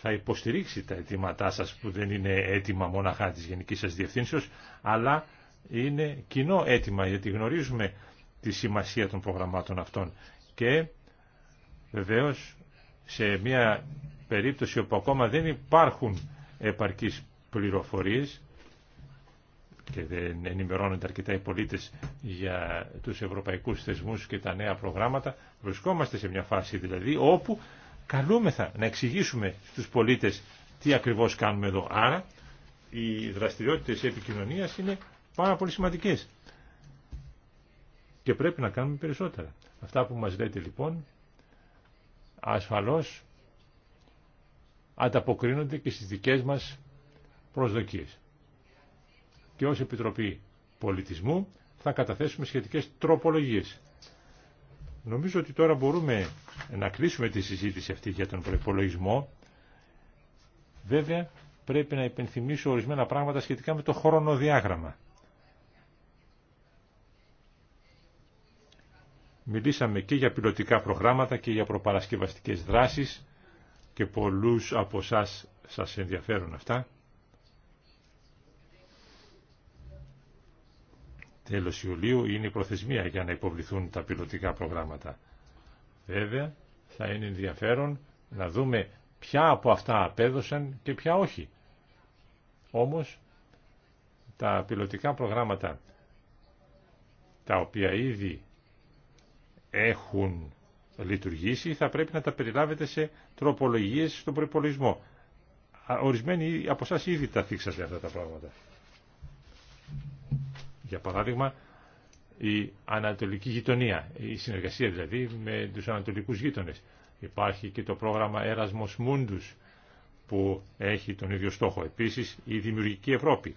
θα υποστηρίξει τα αιτήματά σας που δεν είναι αίτημα μοναχά της Γενικής σας Διευθύνσεως αλλά είναι κοινό αίτημα γιατί γνωρίζουμε τη σημασία των προγραμμάτων αυτών και βεβαίως σε μια περίπτωση όπου ακόμα δεν υπάρχουν επαρκείς πληροφορίες και δεν ενημερώνονται αρκετά οι πολίτες για τους ευρωπαϊκούς θεσμούς και τα νέα προγράμματα. Βρισκόμαστε σε μια φάση δηλαδή όπου καλούμεθα να εξηγήσουμε στους πολίτες τι ακριβώς κάνουμε εδώ. Άρα οι δραστηριότητες επικοινωνίας είναι πάρα πολύ σημαντικές και πρέπει να κάνουμε περισσότερα. Αυτά που μας λέτε λοιπόν ασφαλώς ανταποκρίνονται και στις δικές μας προσδοκίες και ως Επιτροπή Πολιτισμού θα καταθέσουμε σχετικές τροπολογίες. Νομίζω ότι τώρα μπορούμε να κλείσουμε τη συζήτηση αυτή για τον προπολογισμό. Βέβαια, πρέπει να υπενθυμίσω ορισμένα πράγματα σχετικά με το χρονοδιάγραμμα. Μιλήσαμε και για πιλωτικά προγράμματα και για προπαρασκευαστικές δράσεις και πολλούς από εσά σας ενδιαφέρουν αυτά. τέλος Ιουλίου είναι η προθεσμία για να υποβληθούν τα πιλωτικά προγράμματα. Βέβαια, θα είναι ενδιαφέρον να δούμε ποια από αυτά απέδωσαν και ποια όχι. Όμως, τα πιλωτικά προγράμματα τα οποία ήδη έχουν λειτουργήσει θα πρέπει να τα περιλάβετε σε τροπολογίες στον προπολογισμό. Ορισμένοι από εσάς ήδη τα θίξατε αυτά τα πράγματα. Για παράδειγμα, η ανατολική γειτονία, η συνεργασία δηλαδή με τους ανατολικούς γείτονες. Υπάρχει και το πρόγραμμα Erasmus Mundus που έχει τον ίδιο στόχο. Επίσης η Δημιουργική Ευρώπη,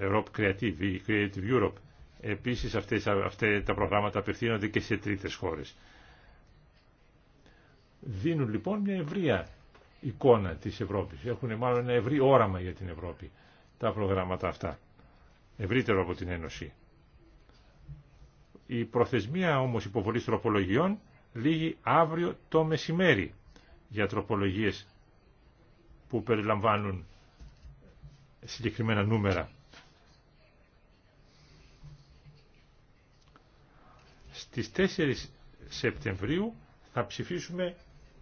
Europe Creative, η Creative Europe. Επίσης αυτές, αυτά τα προγράμματα απευθύνονται και σε τρίτες χώρες. Δίνουν λοιπόν μια ευρεία εικόνα της Ευρώπης. Έχουν μάλλον ένα ευρύ όραμα για την Ευρώπη τα προγράμματα αυτά ευρύτερο από την Ένωση. Η προθεσμία όμως υποβολής τροπολογιών λύγει αύριο το μεσημέρι για τροπολογίες που περιλαμβάνουν συγκεκριμένα νούμερα. Στις 4 Σεπτεμβρίου θα ψηφίσουμε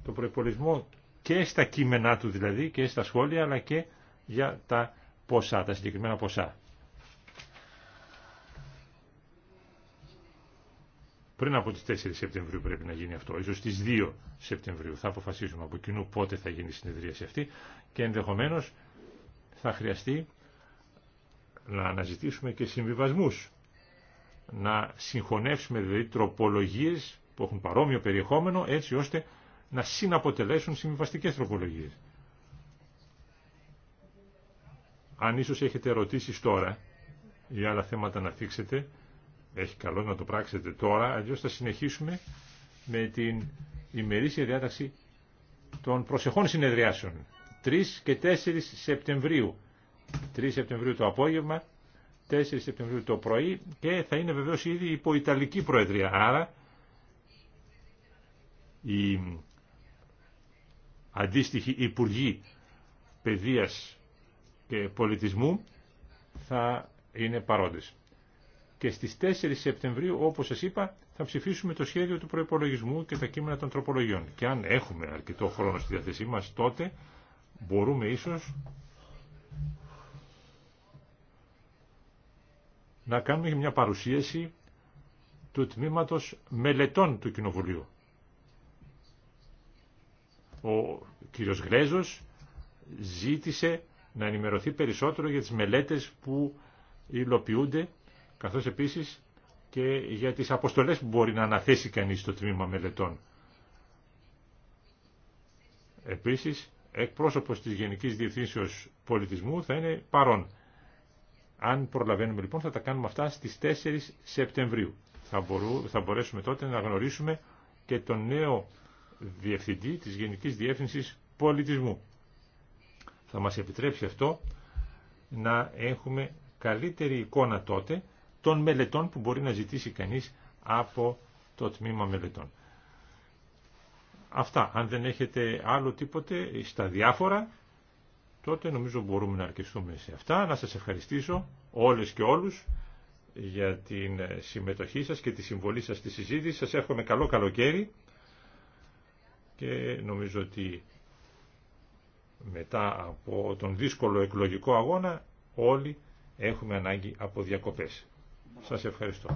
το προϋπολισμό και στα κείμενά του δηλαδή και στα σχόλια αλλά και για τα ποσά, τα συγκεκριμένα ποσά. Πριν από τις 4 Σεπτεμβρίου πρέπει να γίνει αυτό, ίσως στις 2 Σεπτεμβρίου. Θα αποφασίσουμε από κοινού πότε θα γίνει η συνεδρίαση αυτή και ενδεχομένως θα χρειαστεί να αναζητήσουμε και συμβιβασμούς. Να συγχωνεύσουμε δηλαδή τροπολογίες που έχουν παρόμοιο περιεχόμενο έτσι ώστε να συναποτελέσουν συμβιβαστικές τροπολογίες. Αν ίσως έχετε ερωτήσεις τώρα ή άλλα θέματα να θίξετε, έχει καλό να το πράξετε τώρα, αλλιώς θα συνεχίσουμε με την ημερήσια διάταξη των προσεχών συνεδριάσεων. 3 και 4 Σεπτεμβρίου. 3 Σεπτεμβρίου το απόγευμα, 4 Σεπτεμβρίου το πρωί και θα είναι βεβαίως ήδη υπό Ιταλική Προεδρία. Άρα η αντίστοιχη Υπουργοί Παιδείας και Πολιτισμού θα είναι παρόντες και στις 4 Σεπτεμβρίου, όπως σας είπα, θα ψηφίσουμε το σχέδιο του προϋπολογισμού και τα κείμενα των τροπολογιών. Και αν έχουμε αρκετό χρόνο στη διάθεσή μας, τότε μπορούμε ίσως να κάνουμε μια παρουσίαση του τμήματος μελετών του Κοινοβουλίου. Ο κύριος Γλέζος ζήτησε να ενημερωθεί περισσότερο για τις μελέτες που υλοποιούνται καθώς επίσης και για τις αποστολές που μπορεί να αναθέσει κανείς στο τμήμα μελετών. Επίσης, εκπρόσωπος της Γενικής Διευθύνσεως Πολιτισμού θα είναι παρόν. Αν προλαβαίνουμε λοιπόν θα τα κάνουμε αυτά στις 4 Σεπτεμβρίου. Θα, θα μπορέσουμε τότε να γνωρίσουμε και τον νέο Διευθυντή της Γενικής Διεύθυνσης Πολιτισμού. Θα μας επιτρέψει αυτό να έχουμε καλύτερη εικόνα τότε των μελετών που μπορεί να ζητήσει κανείς από το τμήμα μελετών. Αυτά. Αν δεν έχετε άλλο τίποτε στα διάφορα, τότε νομίζω μπορούμε να αρκεστούμε σε αυτά. Να σας ευχαριστήσω όλες και όλους για την συμμετοχή σας και τη συμβολή σας στη συζήτηση. Σας εύχομαι καλό καλοκαίρι και νομίζω ότι μετά από τον δύσκολο εκλογικό αγώνα όλοι έχουμε ανάγκη από διακοπές. Σας ευχαριστώ.